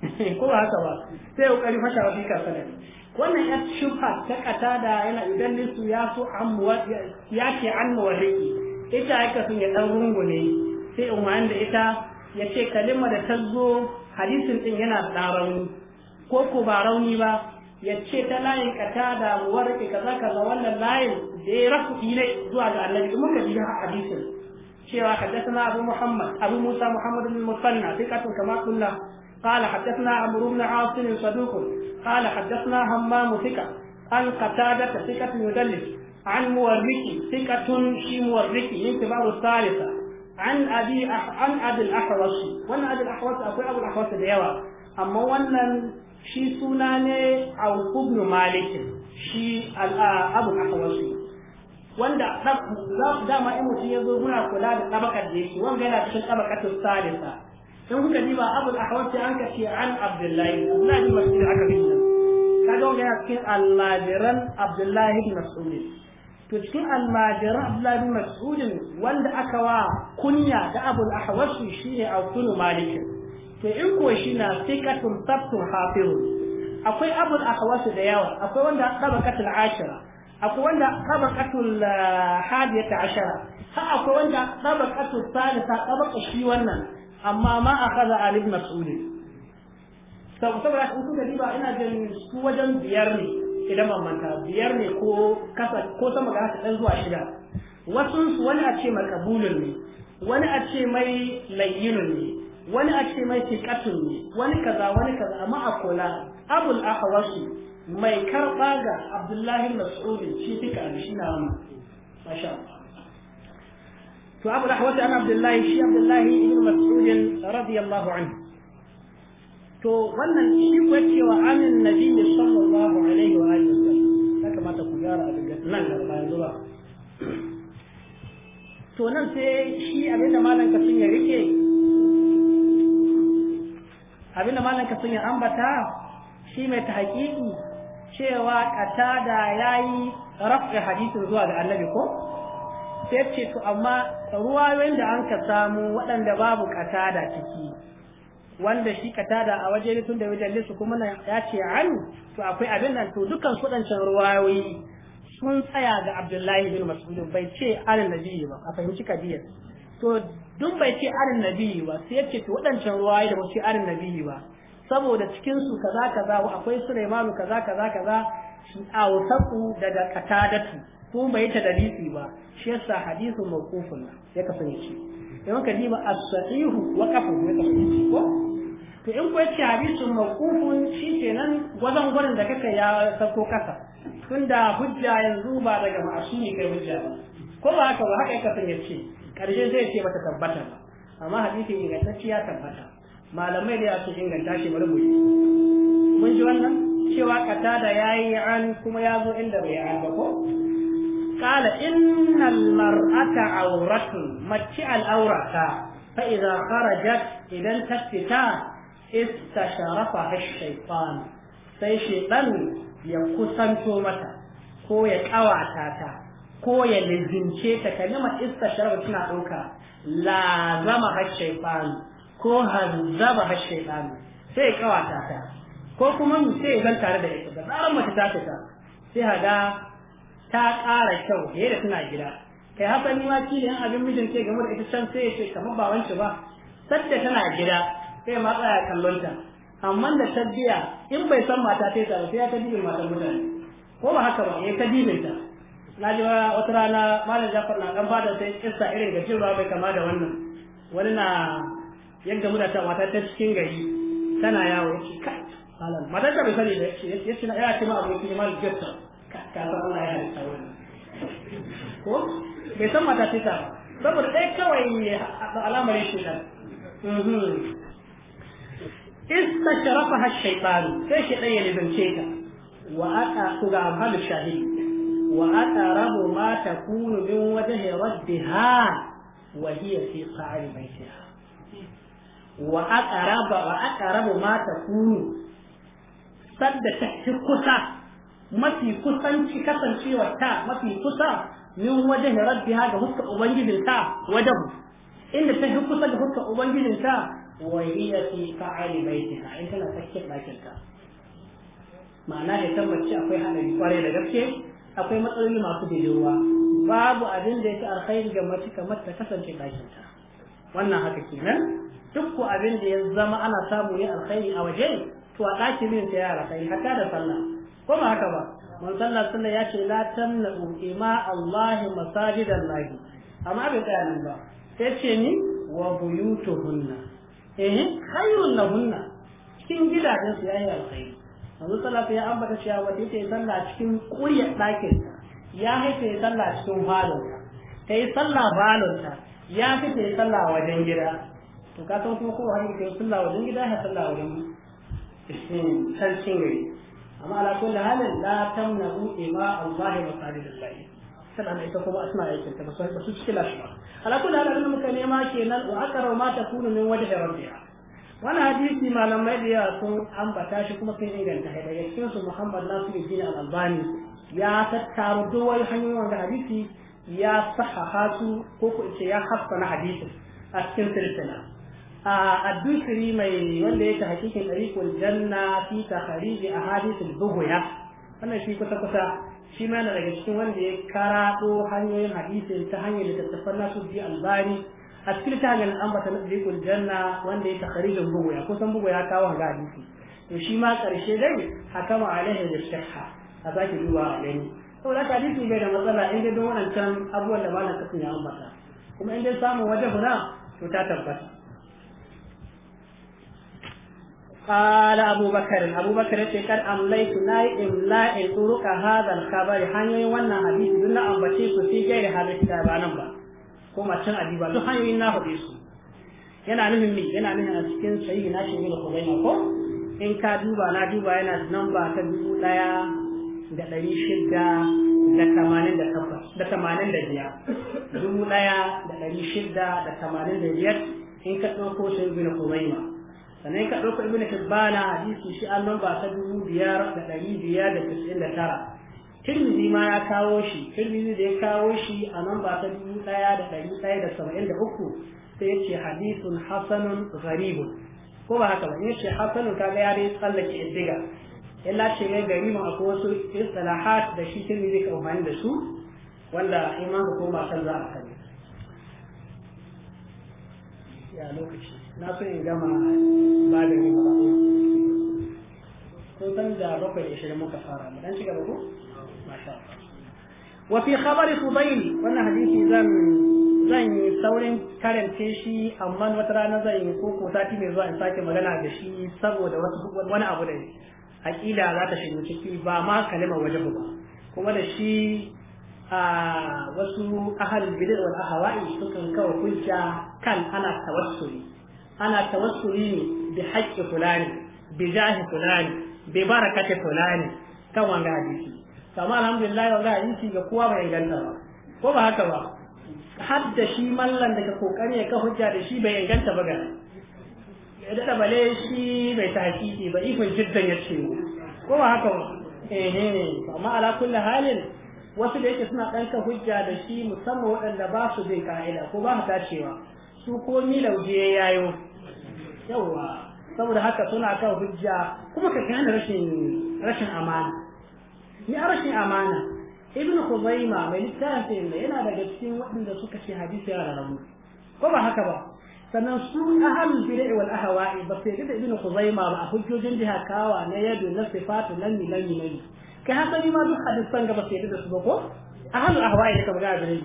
ko ba haka ba sai ƙoƙarin fashe haushi kan sanadi wannan ya shufa ta kata da yana idan nisu ya so ya ce an muwarriki ita aka sun ya dan rungune sai umarin da ita ya ce kalimar da ta zo hadisin din yana tsararru ko ku ba rauni ba ya ce ta layin ka ta damuwar ka kaza kaza wannan layin da ya rafu ne zuwa ga annabi mun ga biya hadisin cewa haddathana abu muhammad abu musa muhammad bin musanna thiqatun kama kunna قال حدثنا عمرو بن عاصم صدوق قال حدثنا همام ثقة عن قتادة ثقة يدلس عن مورك ثقة في مورك انتباه الثالثة عن أبي أح... عن أبي الأحوص وأنا أبي الأحوص أقول أبو الأحوص ديوا أما wannan shi suna ne a ibn malikin shi abu a ahwasu wanda dama in mutum ya zo muna kula da tabakar da yake wanda yana cikin tabakatun salisa in kuka diba abu ahwasu an ka an abdullahi na ji masu aka fi nan kaga wanda yana cikin almajiran abdullahi ibn mas'ud to cikin almajiran abdullahi ibn mas'ud wanda aka wa kunya da abu a ahwasu shine a ibn malikin to in kuwa shi na sikatun sabtun hafiru akwai abul akhawasu da yawa akwai wanda tabaqatul ashira akwai wanda tabaqatul ah, hadiyata ashara ha akwai wanda tabaqatul salisa tabaqa kashi wannan amma ma akaza ali ibn mas'ud saboda in kuka diba ina jin su wajen biyar ne idan ban manta biyar ne ko kasa ko sama ga haka dan zuwa shida wasu wani a ce makabulun ne wani a ce mai layyinun ne wani a ce mai tikatun ne wani kaza wani kaza amma a kula abul ahwasu mai karba ga abdullahi mas'ud shi fika shi na mu masha to abul ahwasu an abdullahi shi abdullahi ibn mas'ud radiyallahu anhu to wannan shi kuwa cewa amin nabiyyi sallallahu alaihi wa alihi wasallam ya kamata ku gyara a daga nan da bayan zuwa to nan sai shi abinda malam kafin ya rike abinda malam ka sun ambata shi mai ta haƙiƙi cewa katada ya yi rafi hadisin zuwa ga annabi ko sai ce to amma ruwayoyin da an ka samu waɗanda babu katada ciki wanda shi katada a waje ne tun da wajen lissu kuma ya ce an to akwai abin nan to dukkan su ɗancan ruwayoyi sun tsaya ga abdullahi bin Mas'udin? bai ce an ba a fahimci kadiyar to dun bai ce arin nabiyi ba sai yake to wadancan ruwaye da wasu arin nabiyi ba saboda cikin su kaza kaza akwai Sulaiman kaza kaza kaza a wasaku daga katadatu ko bai ta dalili ba shi yasa hadisu mawqufun ya kasance idan ka diba as-sahihu wa kafu ya kasance ko to in ko ce hadisu mawqufun shi kenan wajen gurin da kake ya sako kasa tunda hujja yanzu ba daga ma'asumi kai hujja ba ko ba haka ba haka ya kasance karshe zai ce bata tabbata ba amma hadisi ingantacce ya tabbata malamai da su inganta shi bari mu yi mun ji wannan cewa ya yayi an kuma ya zo inda bai an ba ko qala innal mar'ata awratun matti al awrata fa idza kharajat idan tafita istasharafa ash-shaytan sai shaytan ya kusanto mata ko ya kawata ta ko ya lizince ta ista sharaba suna ɗauka la zama har shaifanu ko zaba har sai kawata ta ko kuma mu sai zan tare da ita da zaran mace ta fita sai haga ta ƙara kyau da yadda tana gida kai haka ni ma kila abin mijin ke game da ita can sai ya ce kamar ba wance ba sadda tana gida sai ma tsaya kallon ta amma da ta biya in bai san mata ta yi tsaro sai ya ta dibin mata mutane ko ba haka ba ya ta ta na ji wata rana malam jafar na dan bada sai kissa irin ga jirwa bai kama da wannan wani na yadda muna ta mata ta cikin gari tana yawo yake kai malam matar ta bai sani da yake yace na ya ce ma aboki mal gatta ka san Allah ya halitta wannan ko bai san mata ce ta saboda dai kawai al'amarin shi sharafa mhm. istashrafaha ash-shaytan sai shi ɗaya ya lizance ta wa aka kuga amhalu shahid وأقرب ما تكون من وجه ربها وهي في قعر بيتها وأقرب وأقرب ما تكون سد تحتكسا ما في كسا كسا في وتا ما في كسا من وجه ربها جهك أبنجد التا وجب إن تحتكسا جهك أبنجد التا وهي في قعر بيتها عندنا تكتب لكن معناه ya tabbaci akwai haɗari kwarai da gaske akwai matsaloli masu bijirowa babu abin da yake alkhairi ga mace kamar ta kasance ɗakinta wannan haka kenan duk ko abin da ya zama ana samu ya alkhairi a waje to a ɗakin yin ta yara kai hatta da sallah ko ba haka ba mun sallah sallah ya ce la tamna'u ima Allah masajidallahi amma bai tsaya nan ba sai ce ni wa buyutuhunna eh khairun lahunna cikin gidajen su yayi alkhairi yanzu salatu ya ambata cewa wata yake sallah cikin kuryar ɗakin ya kai ya sallah cikin falon ta yi sallah falon ta ya fi ta yi sallah wajen gida to ka san kuma kowa hanyar ta yi sallah wajen gida ya sallah wajen sarkin gari amma ala kulli halin la tamna'u ima Allah wa salidillahi sannan ita kuma asma yakin ta ba su cikin lashi ba ala kulli halin muka nema kenan wa akara ta kunu min wajen rabbiha wani hadisi malamai da yawa sun ambata shi kuma sun inganta shi daga cikin su Muhammad Nasiruddin Al-Albani ya tattaro duk wani hanyoyin da hadisi ya sahaha su ko ko ce ya hassana hadisi a cikin silsila a addusiri mai wanda ta hakikin tariqul janna fi tahrij ahadith al-bughya wannan shi kusa kusa shi ma yana daga cikin wanda ya karaɗo hanyoyin hadisi ta hanyar littattafan Nasiruddin Al-Albani a cikin ta hanyar ambata na tsirikul janna wanda ya takharijin bugu ya kusan bugu ya kawo ga hadisi to shi ma karshe dai hakama alaihi da shakka a sake zuwa a gani saboda haka hadisi bai da matsala in dai don waɗancan abubuwan da malam kasin ya ambata kuma in dai samun wajen huna to ta tabbata قال أبو بكر أبو بكر قد أمليت ناي إملاء طرق هذا الخبر حنيوي وانا حديث دون أنبتيك في غير هذا الكتاب نمبر koma can ba duk hanyoyin na faɗe su yana nufin me yana nufin a cikin sayi na shi ne da kuzaima ko in ka duba na duba yana namba ta dubu ɗaya da ɗari shida da tamanin da takwas da tamanin da biyar dubu ɗaya da ɗari shida da tamanin da biyar in ka ɗauko shi ibn kuzaima sannan in ka ɗauko ibn hibbana hadisi shi an namba ta dubu biyar da ɗari biyar da tisa'in da tara tirmidhi ma ya kawo shi tirmidhi da ya kawo shi a nan ba ta dubu ɗaya da ɗari ɗaya da saba'in da uku sai ya ce hadithun hasanun gharibun ko ba haka ba ne ce hasanun kaga ya dai tsallake ya illa ce ne gariman akwai wasu istalahat da shi tirmidhi ka umarni da su wanda iman ka koma kan za a kare. ya lokaci na so in gama babin yi ba kun san da bakwai da shirin muka fara mu dan ci gaba ko وفي خبر فضيل وانا wannan زن zan yi saurin karance shi amma wata rana zan yi ko sati mai zuwa in sake magana da shi saboda wani abu da aƙida za ta shigo ciki ba ma kalima waje ba kuma da shi a wasu ahalin bid'a wal ahwa'i sukan kawo hujja kan ana tawassuli ana tawassuli ne bi haqqi fulani bi jahi fulani bi barakati fulani kan wanga hadisi amma alhamdulillah wanda hadisi ga kowa bai ganna ba ko ba haka ba har da shi mallan daga kokari ya ka hujja da shi bai inganta ba ga ya da bale shi bai ta hakiki ba ikon jiddan ya ce ko ba haka ba eh ne. amma ala kulli halin wasu da yake suna ɗanka hujja da shi musamman waɗanda ba su bin ka'ida ko ba su tacewa su ko milauje ya yayo yawa saboda haka suna kan hujja kuma ka gane rashin rashin amana ni rashin amana Ibnu khuzaima mai littafin da yana daga cikin waɗanda suka ce hadisi ya rarrabu ko ba haka ba sannan su ahlul bid'i wal ahwa'i ba sai da Ibnu khuzaima ba a hujjojin da kawa na yadu na sifatu nan ni nan ni kai hasali ma duk hadisan ga ba sai da su ba ko ahlul ahwa'i da kaga da ni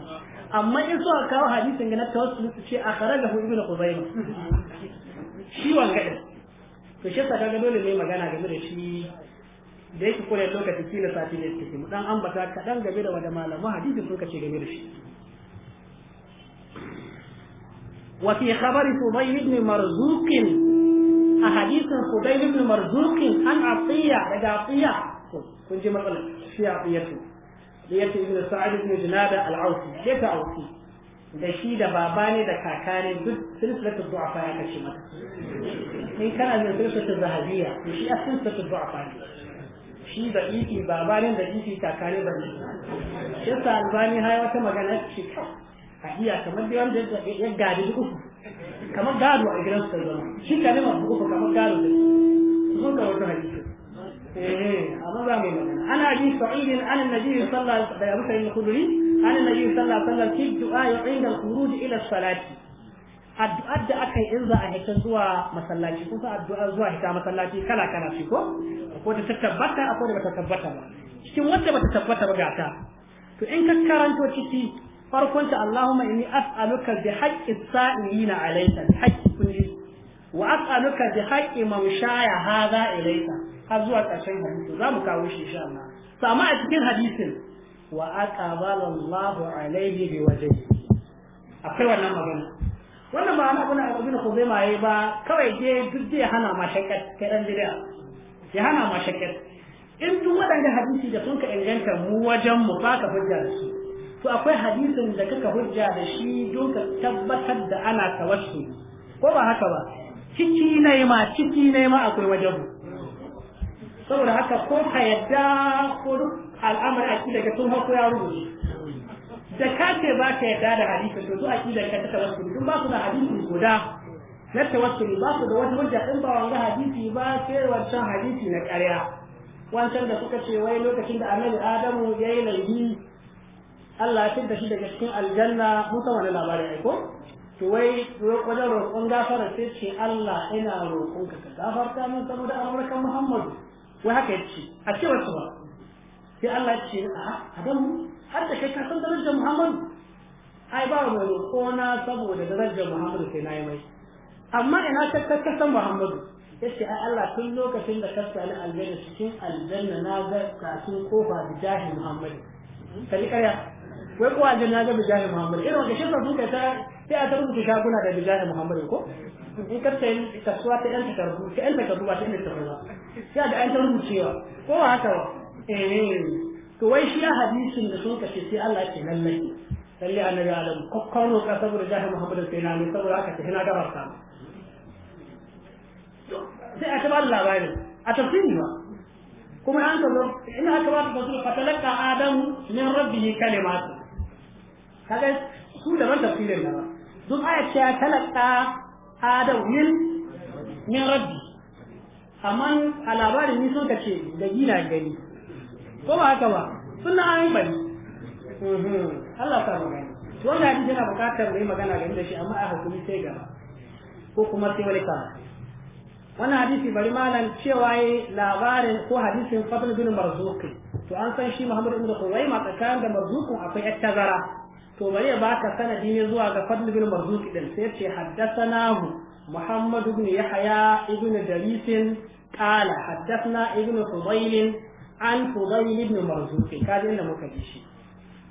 amma in so kawo hadisin ga na tawassul su ce akhrajahu ibn khuzaima shi wanga to shi sa kaga dole ne magana game da shi da yake kore lokaci kila sati ne suke mu dan ambata kadan game da wanda malamu hadisin suka ce game da shi wa fi khabari Subayl ibn Marzuq a hadisin Subayl ibn Marzuq an Atiya daga Atiya kun ji matsalar shi Atiyatu da yake ibn Sa'id ibn Junada al-Awsi yake Awsi da shi da baba ne da kaka ne duk silsilatul du'afa ya kashe mata in kana da silsilatul zahabiyya shi a silsilatul du'afa ne shi da ifi ba bayan da ifi takare ba ne shi sa albani har wata magana ce a iya kamar da wanda ya gadi uku kamar gado a gidan su zama shi uku kamar gado da sun ka wata hadisi eh, amma ba mai magana ana sa'idin an annabi sallallahu alaihi wasallam da abu sa'id al an annabi sallallahu alaihi wasallam du'a inda al-khuruj ila salati addu'ar da aka yi in za a hita zuwa masallaci kusa addu'ar zuwa hita masallaci kala kala ce ko ko ta tabbata akwai da bata tabbata ba cikin wanda bata tabbata ba gata to in ka karanto ciki farkon ta Allahumma inni as'aluka bi haqqi sa'ilina alayka bi haqqi kulli wa as'aluka bi haqqi mamshaya hadha ilayka har zuwa ƙarshen hadisi za mu kawo shi insha Allah to amma a cikin hadisin wa aqbala Allahu alayhi bi wajhihi akwai wannan magana wannan ba ana na abin kuzai ma ba kawai je duk zai hana ma shakkar kai dan bid'a ya hana ma shakkar in duk waɗanda hadisi da sun ka inganta mu wajen mu fa ka hujja da su to akwai hadisin da kaka hujja da shi don ka tabbatar da ana tawassu ko ba haka ba ciki na ma ciki na ma akwai wajen mu saboda haka ko ka yadda ko duk al'amari a daga tun hako ya rubuta. da ka ce ba ka yarda da hadisin to zuwa kidar ka ta tawassuli in ba su da hadisi guda na tawassuli ba su da wata hujja in ba wanga hadisi ba sai wancan hadisi na ƙarya wancan da suka ce wai lokacin da annabi adamu ya yi laifi Allah ya da shi daga cikin aljanna mun wani labarin ai ko to wai wajen roƙon gafara sai ce Allah ina roƙon ka ka gafarta min saboda amurkan Muhammadu wai haka yace a cewar su ba sai Allah ce a Adamu har da kai ka san darajar Muhammadu ai ba mai roƙona saboda darajar Muhammadu sai nayi mai amma ina ka ka san Muhammadu yace ai Allah tun lokacin da ka sani aljanna cikin aljanna na ga kafin kofa da jahi Muhammadu kai kaya wai ko aljanna na ga bijahi Muhammadu irin wanda shi sun kai ta sai a tarbuta shaguna da bijahi Muhammadu ko in ka tsaye kasuwa ta yan karbu, ta yan karbu ba ta yan takardu sai da an tarbucewa ko ba haka ba eh to wai shi hadisin da sun kashe sai Allah ke lallai lalle annabi alam kokkan roƙa saboda jahi muhammadu sai na ne saboda aka ce, na gabar sa sai a tabar labarin a tafsiri ba kuma an ka zo ina aka ba ta tafsiri fatalaka adamu min rabbihi kalimatu kaga su da ban tafsirin ba duk aya ce talaka adamu min min rabbi amma a labarin ni sun ka ce da gina gani ko ba haka ba sunna an bari Allah ta ba gani wannan hadisi yana bukatar mai magana game da shi amma a hukumi sai gaba ko kuma sai wani kama wannan hadisi bari malan cewa yi labarin ko hadisin fadl bin marzuki to an san shi muhammad ibn khuwaima tsakanin da marzukun akwai yar tazara to bari ya baka sanadi ne zuwa ga fadl bin marzuki din sai ce haddathanahu muhammad ibn yahya ibn daris qala haddathna ibn fudayl an Fudayl ibn Marzuki kaje inda muka ji shi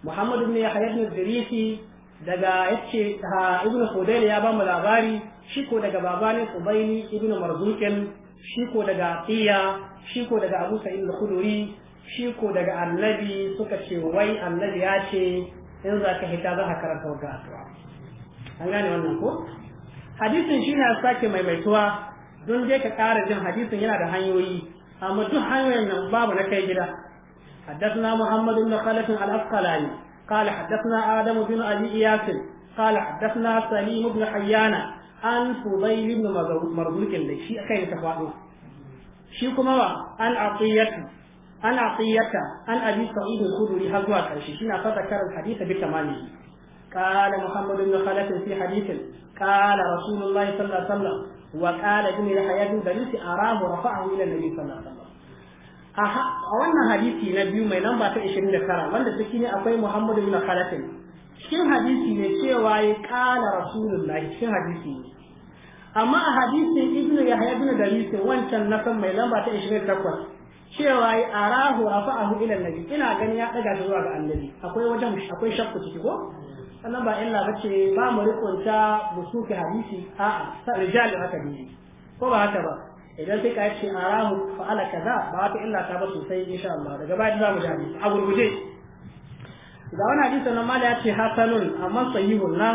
Muhammad ibn Yahya ibn Zarifi daga yace ibn Fudayl ya ba mu labari shi ko daga babane Fudayl ibn Marzukin shi ko daga Atiya shi ko daga Abu Sa'id al-Khudri shi ko daga Annabi suka ce wai Annabi ya ce in za ka hita za ka karanta wa gasuwa. an gane wannan ko hadisin shi ne sake maimaituwa don je ka ƙara jin hadisin yana da hanyoyi amma duk hanyoyin nan babu na kai gida حدثنا محمد بن خلف الأسقلاني قال حدثنا آدم بن أبي إياس قال حدثنا سليم بن حيان عن فضيل بن مرزوق اللي شيء كان تفاعله شيء كما عن عطية عن عطية عن أبي سعيد الخدري هل هو كرشي شيء فتذكر الحديث بكماله قال محمد بن خلف في حديث قال رسول الله صلى الله عليه وسلم وقال ابن الحياة بنيت أراه ورفعه إلى النبي صلى الله عليه وسلم a wannan hadisi na biyu mai lamba ta ishirin da tara wanda ciki ne akwai Muhammadu na Khalaf cikin hadisi ne cewa ya kala Rasulullahi cikin hadisi ne amma a hadisin Ibn Yahya da Dalis wancan na kan mai lamba ta ishirin da takwas. cewa ya arahu rafa'ahu ila nabi ina gani ya daga zuwa ga annabi akwai wajen akwai shakku ciki ko sannan ba illa ba ce ba mu rikunta mu suka hadisi a rijalin haka ne ko ba haka ba idan sai ka ce aramu fa'ala kaza ba wata illa ta ba sosai insha Allah daga bayan za mu ji hadisi a gurguje ga wani hadisi nan mala ya ce hasanun amma sahihun na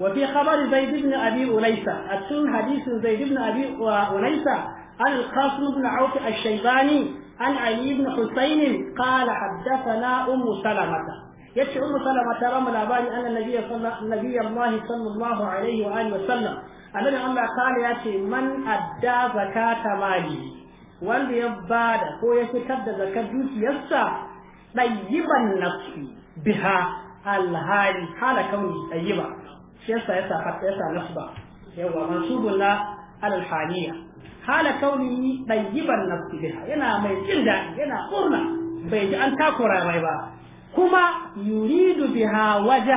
wa fi khabari zaid ibn abi ulaysa a cikin hadisin zaid ibn abi ulaysa an al-qasim ibn auf al-shaybani an ali ibn husayn qala haddathana ummu salamata yace ummu salama ta bamu labari annan nabiyyi sallallahu nabiyyi sallallahu alaihi wa alihi wa sallam annabi Allah kana yace man adda zakata mali wanda ya bada ko ya fitar da zakar dukiyarsa ɗayyiban nafsi biha alhali hala kauni ɗayyiba shi yasa yasa hatta yasa nasba yawa mansubun la alhaliya hala kauni ɗayyiban nafsi biha yana mai jin daɗi yana murna bai ji an takura mai ba kuma yuridu biha wajha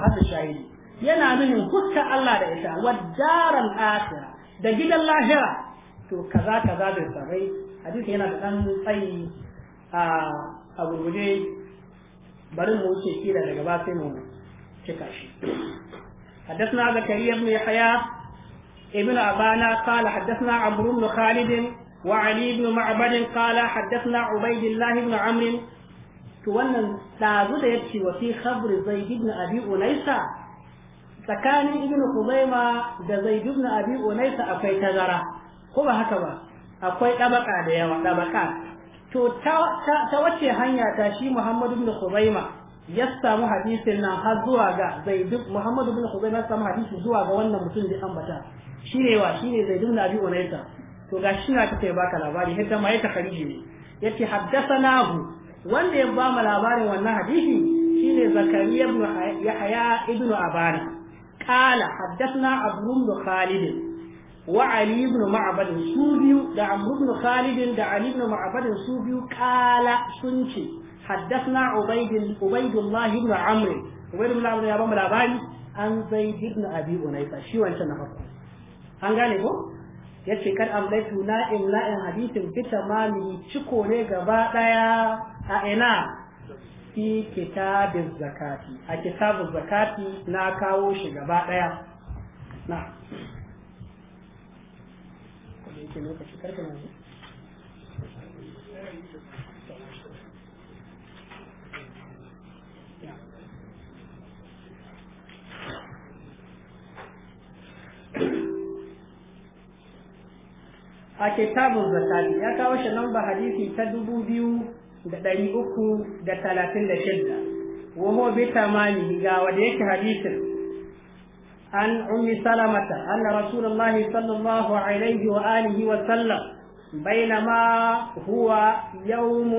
hada shahidi yana nuhin fuskar Allah da ita wadaran akhirah da gidan lahira to kaza kaza da sarai hadisi yana da dan tsayi a a gurguje bari mu wuce kira daga ba sai mu cika shi حدثنا زكريا بن يحيى ابن أبانا قال حدثنا عمرو بن خالد وعلي بن معبد قال حدثنا عبيد الله بن عمرو to wannan dazu da yace wa fi khabri zaid ibn abi unaysa tsakanin ibn khuzaima da zaid ibn abi unaysa akwai tazara ko ba haka ba akwai dabaka da yawa dabaka to ta wace hanya ta shi muhammad ibn khuzaima ya samu hadisin nan har zuwa ga zaid muhammad ibn khuzaima ya samu hadisin zuwa ga wannan mutum da ambata shine wa shine zaid ibn abi unaysa to gashi na kace baka labari hidda ma ya takarije ne yace nahu wanda ya ba mu labarin wannan hadisi shine zakariya ibn yahya ibn abari qala haddathna abdul ibn khalid wa ali ibn ma'bad su da amr ibn khalid da ali ibn ma'bad su biyu qala sun ce haddathna ubayd ubaydullah ibn amr ubayd ibn amr ya ba mu labari an zaid ibn abi unayfa shi wancan na farko an gane ko yace kar amlaitu na'im la'in hadisin bi tamami ciko ne gaba daya a ina fi kitabin zakati a kitabin zakati na kawo shi gaba ɗaya na a kitabin zakati ya kawo shi nan ba hadisi ta dubu biyu da ɗari uku da talatin da shidda waho bi tamani ga wanda yake hadisin an ummi salamata anna rasulullahi sallallahu alaihi wa alihi wa sallam wa هو يوم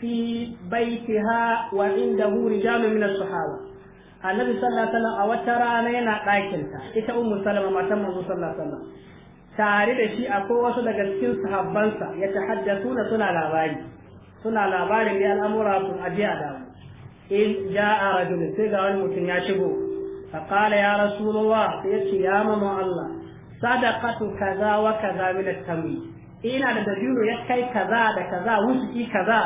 في بيتها وعنده رجال من الصحابة النبي صلى الله عليه وسلم أوتر أنينا ɗakinta ita ummu salama matan manzo sallallahu alaihi wasallam tare da shi akwai wasu daga cikin sahabbansa ya tahaddathuna suna labari suna labarin da al'amura sun aje a damu in ja a rajul sai ga wani mutum ya shigo fa qala ya rasulullah sai yace ya mamu Allah sadaqatu kaza wa kaza min at-tamri ina da dabino ya kai kaza da kaza wuski kaza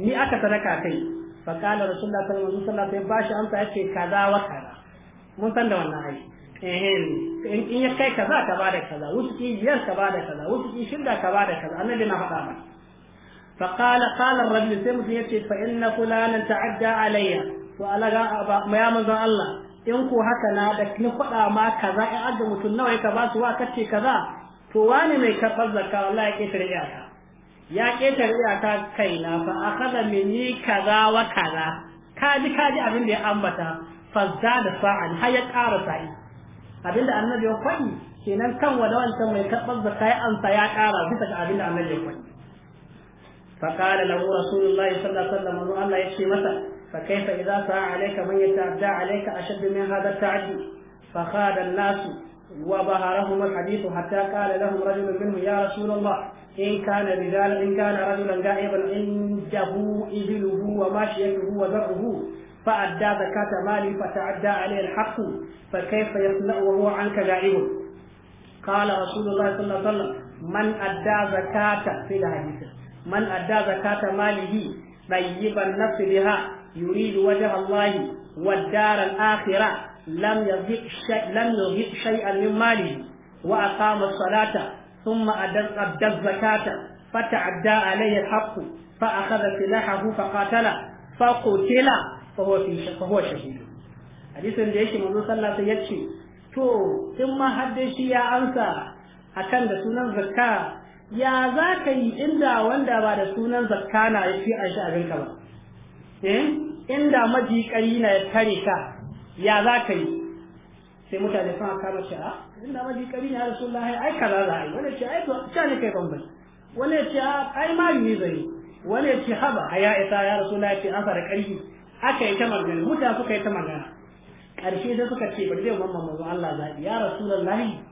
ni aka sadaka kai fa qala rasulullah sallallahu alaihi wasallam sai bashi amsa yace kaza wa kaza mun san da wannan ai in ya kai kaza ka bada kaza wuski biyar ka bada kaza wuski shida ka bada kaza annabi na faɗa mana فقال قال الرجل سيمت يتي فإن فلانا تعدى علي وقال يا من الله in ko haka da ni faɗa ma kaza in aga mutum nawa ka ba su wa kace kaza to wani mai karɓar zakka wallahi ya ƙetare iyaka ya ƙetare iyaka kaina fa akhadha minni kaza wa kaza kaji kaji abin ya ambata fazda da fa'al har ya ƙara sa'i abin da annabi ya faɗi kenan kan wada wancan mai karɓar zakka ya amsa ya ƙara bisa فقال له رسول الله صلى الله عليه وسلم من الله يشفي متى فكيف إذا سعى عليك من يتعدى عليك أشد من هذا التعدي فخاد الناس وظهرهم الحديث حتى قال لهم رجل منهم يا رسول الله إن كان رجال إن كان رجلا غائبا عنده إبله وماشيته وزرعه فأدى زكاة مالي فتعدى عليه الحق فكيف يصنع وهو عنك غائب قال رسول الله صلى الله عليه وسلم من أدى زكاة في الحديث man adda zakata malihi tayyiban nafsi biha yuridu wajha Allah wad dar al akhirah lam yazid shay lam yazid shay'an min malihi wa aqama as-salata فتعدى عليه الحق فأخذ سلاحه فقاتل فقتل فهو في فهو شهيد hadisin da yake manzo sallallahu alaihi ya ce to in ma shi ya amsa akan da sunan zakka ya za ka yi inda wanda ba da sunan zakka na ya fi a shi ka ba eh? inda majiƙari na ya kare ka ya za ka yi sai mutane suna kama shi a ah, inda majiƙari na ya rasu lahai ai kaza za a yi wani ce ai to ca ne kai bambai wani ce a ah, ai ma yi zai wani ce haba a ya isa ya rasu lahai ce an fara ƙarfi aka yi ta magana mutane suka yi ta magana ƙarshe da suka ce bari zai mamman mazan Allah zaɓi ya rasu lahai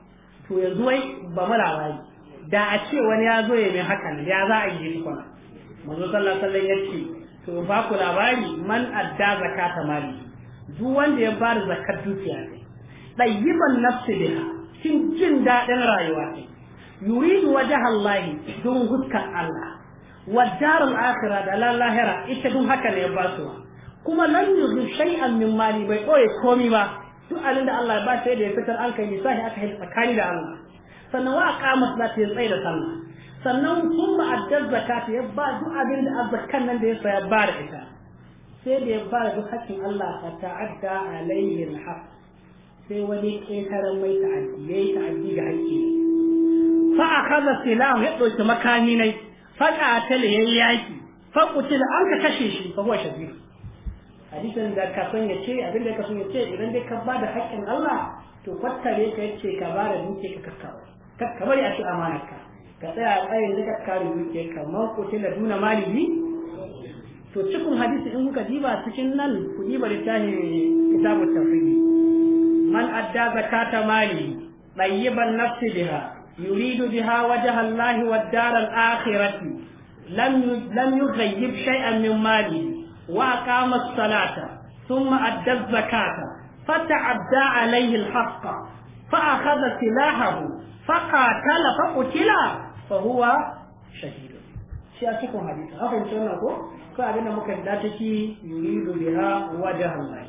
to yanzu wai ba mu wayi. da a ce wani ya zo ya mai hakan ya za a yi kwana manzo sallallahu alaihi ya ce to ba ku labari man adda zakata mali duk wanda ya bada zakat dukiya ne dayyiban nafsi biha cin jin dadin rayuwa ne yuridu wajha Allah dun huskan Allah wa darul akhira da lahira ita dun haka ne ya ba su kuma lan yuzu shay'an min mali bai koye komi ba duk alin Allah ya ba sai da ya fitar an kai aka yi tsakani da Allah sannan wa aqama salata ya tsaye da sallah sannan sun ba addar ta ya ba duk abin da azzakan nan da ya saya ba da ita sai da ya ba da duk hakkin Allah fa ta'adda alayhi al-haq sai wani ƙetaren mai ta'addi yayi ta'addi ga hakki fa akhadha silam ya dauki makami ne fa qatala yayi yaki fa qutila an ka kashe shi fa huwa shahid hadisin da ka san ya ce abin da ka san ya ce idan dai ka ba da hakkin Allah to kwattare ka yace ka ba da duke ka kakkawa ka bari a ci amanarka ka tsaya tsayin da ka kare dukiyar kamar man ko tilla duna malihi to cikin hadisi in kuka diba cikin nan ku diba littafin kitabut tafsiri man adda zakata mali tayyiban nafsi biha yuridu biha wajha Allah wad dar al akhirati lam lam yughayyib shay'an min mali wa aqama as-salata thumma adda az-zakata fata'adda alayhi al-haqqa fa akhadha silahahu فقاتل فقتل فهو شهيد shi a cikin hadisi a fahimci wannan ko ko abin da muka da take yuridu biha wajha Allah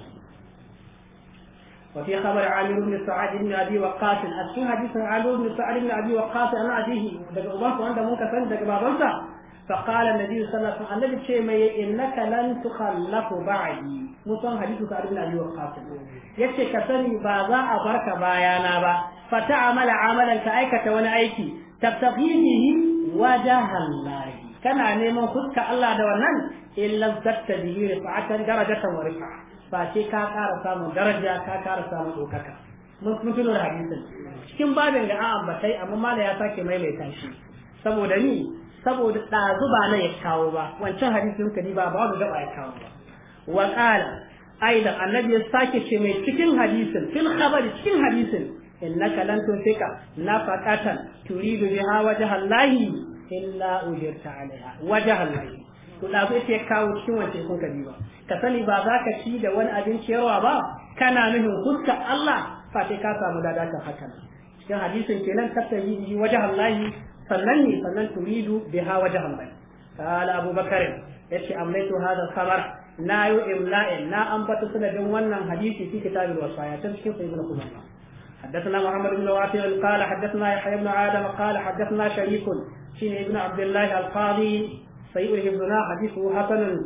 وفي خبر عامر بن سعد بن ابي وقاص اسكن حديث عامر بن سعد بن ابي وقاص انا ابيه daga uban ko wanda muka san daga babansa فقال النبي صلى الله عليه وسلم النبي ce mai innaka lan tukhallafu ba'di musan hadithu sa'ad ibn abi waqqas yace ka sani ba za a barka bayana ba فتعمل عملا كأيكة Kana neman fuska. Allah da wannan كان نيمان فسك الله دوانا إلا ازددت به رفعة درجة ورفعة فأشي كاكار سامو درجة كاكار سامو دوكاكا mutum da hadisin cikin babin da an ambatai amma mala ya sake maimaita shi saboda ni saboda ɗazu ba na ya kawo ba wancan hadisin ka ba ba wani ya kawo ba wa qala aidan annabi ya sake ce mai cikin hadisin fil khabari cikin hadisin innaka lan tunfika nafaqatan turidu biha wajha Allahi illa ujirta alaiha wajha Allahi to da ku ce kawo cikin wace kun kabi ba ka sani ba za ka ci da wani abin ciyarwa ba kana nufin huska Allah fa sai ka samu dadakan hakan cikin hadisin kenan tattayi bi wajha Allahi sannan ni sannan turidu biha wajha Allahi qala Abu Bakar yace amlaitu hadha khabar na yi imla'in na ambata sanadin wannan hadisi fi kitabil wasaya tun cikin sayyidul khumaini حدثنا محمد بن واسع قال حدثنا يحيى بن آدم قال حدثنا شريك شين ابن عبد الله القاضي سيئه ابننا حديثه حسن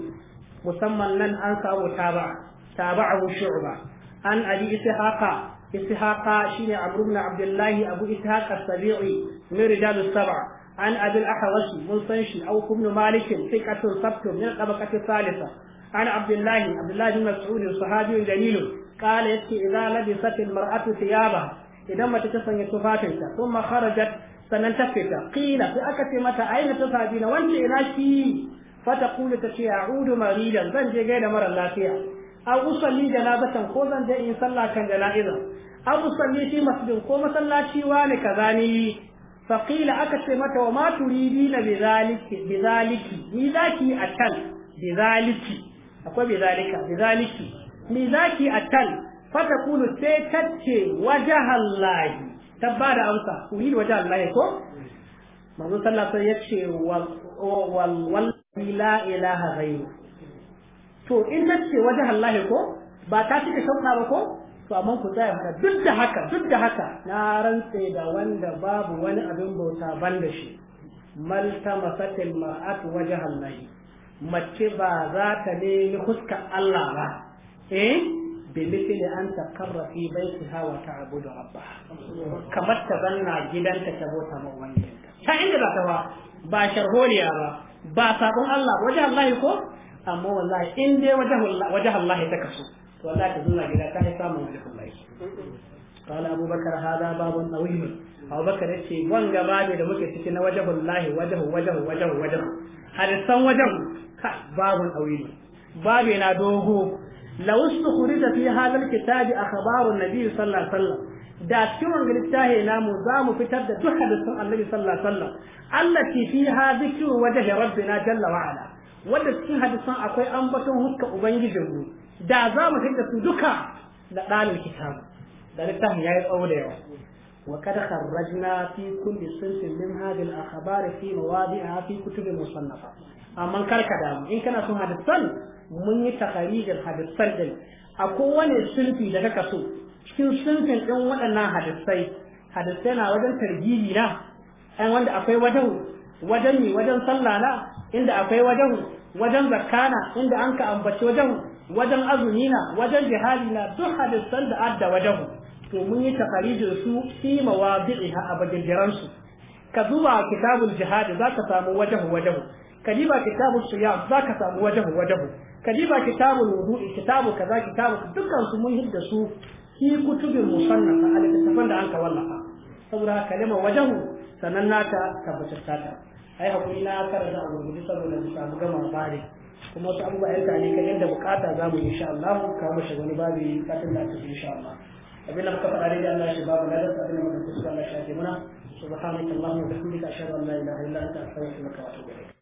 مسمى لن أنسى تابع تابعه شعبة عن أبي إسحاق إسحاق شين عمرو بن عبد الله أبو إسحاق السبيعي من رجال السبع عن أبي الأحوش منصنش أو بن مالك ثقة سبت من الطبقة الثالثة عن عبد الله عبد الله بن مسعود صحابي جليل قال يتي إذا لبست المرأة ثيابها إذا ما تتسن تفاتنتا ثم sun sannan ta fita qila sai aka ce mata aina ta wancan wanda ina shi fa taqulu ta ce a'udu maridan zan je gaida mara lafiya aw usalli janazatan ko zan je in sallah kan jana'iza aw usalli fi masjidin ko masallaci wa ne kazani fa qila aka ce mata wa ma turidina bi zaliki bi zaliki ni zaki a can bi akwai bi zalika Mizaki mi zaki atal fatakulu sai tacce wajahallahi tabba da amsa kuyi wajahallahi ko manzo sallallahu alaihi ce wal wal la ilaha ghairu to in nace wajahallahi ko ba ta cika shauka ba ko to amma ku tsaya mana duk da haka duk da haka na rantse da wanda babu wani abin bauta banda shi malta masatil ma'at wajahallahi mace ba za ta nemi huskar Allah ba eh bimithli an takarra fi baitiha wa ta'budu rabbaha kamar ta zanna gidanta ta bota ma wanda. ta inda ba ta ba ba sharholiya ba ba sabon Allah wajen Allah ko amma wallahi in dai wajen Allah ta kaso wallahi ta zanna gida ta yi samun wajen Allah قال أبو بكر هذا باب طويل أبو ya ce, وان غبابي da muke ciki na waje Allah wajhu waje wajhu wajhu har san wajhu babu tawil babu na dogo law istukhrija fi hadha alkitabi akhbaru an-nabi sallallahu alaihi wasallam da cikin wannan littafi namu za mu fitar da duk hadisin annabi sallallahu alaihi wasallam allati fiha dhikru wajhi rabbina jalla wa ala wanda cikin hadisan akwai ambaton ubangijin mu, da za mu fitar da su duka da dalil kitabu da littafin yayi tsawo da yawa وقد خرجنا في كل صنف من هذه الأخبار في مواضعها في كتب مصنفة أما كركدا in kana son السن mun yi takharijin hadisan din a kowane sunfi da kaka so cikin sunfin ɗin waɗannan hadisai hadisai na wajen targibi na ɗan wanda akwai wajen wajen ne wajen sallah na inda akwai wajen wajen zakana inda an ka ambaci wajen wajen azumi na wajen jihadi na duk hadisan da adda wajen to mun yi takarijin su fi mawadi'iha a bagirgiran su ka zuba kitabul jihadi za ka samu wajen wajen ka diba kitabul siyam za ka samu wajen wajen kadiba kitabul wudu'i kitabu kaza kitabu dukkan su mun hidda su ki kutubin musannafa a littattafan da an ka wallafa saboda haka kalimar wajahu sannan nata tabbatar ta ai hakuri na karanta a gurgurdu saboda mu samu gama bare kuma wasu abubuwa yan tare kan yadda bukata za mu insha Allah mu kawo wani babu katin da aka insha Allah abin da muka faɗa da Allah shi babu na rasa abin da muka kusa Allah shi ake muna subhanaka allahumma wa bihamdika ashhadu an la ilaha illa anta astaghfiruka wa atubu ilayk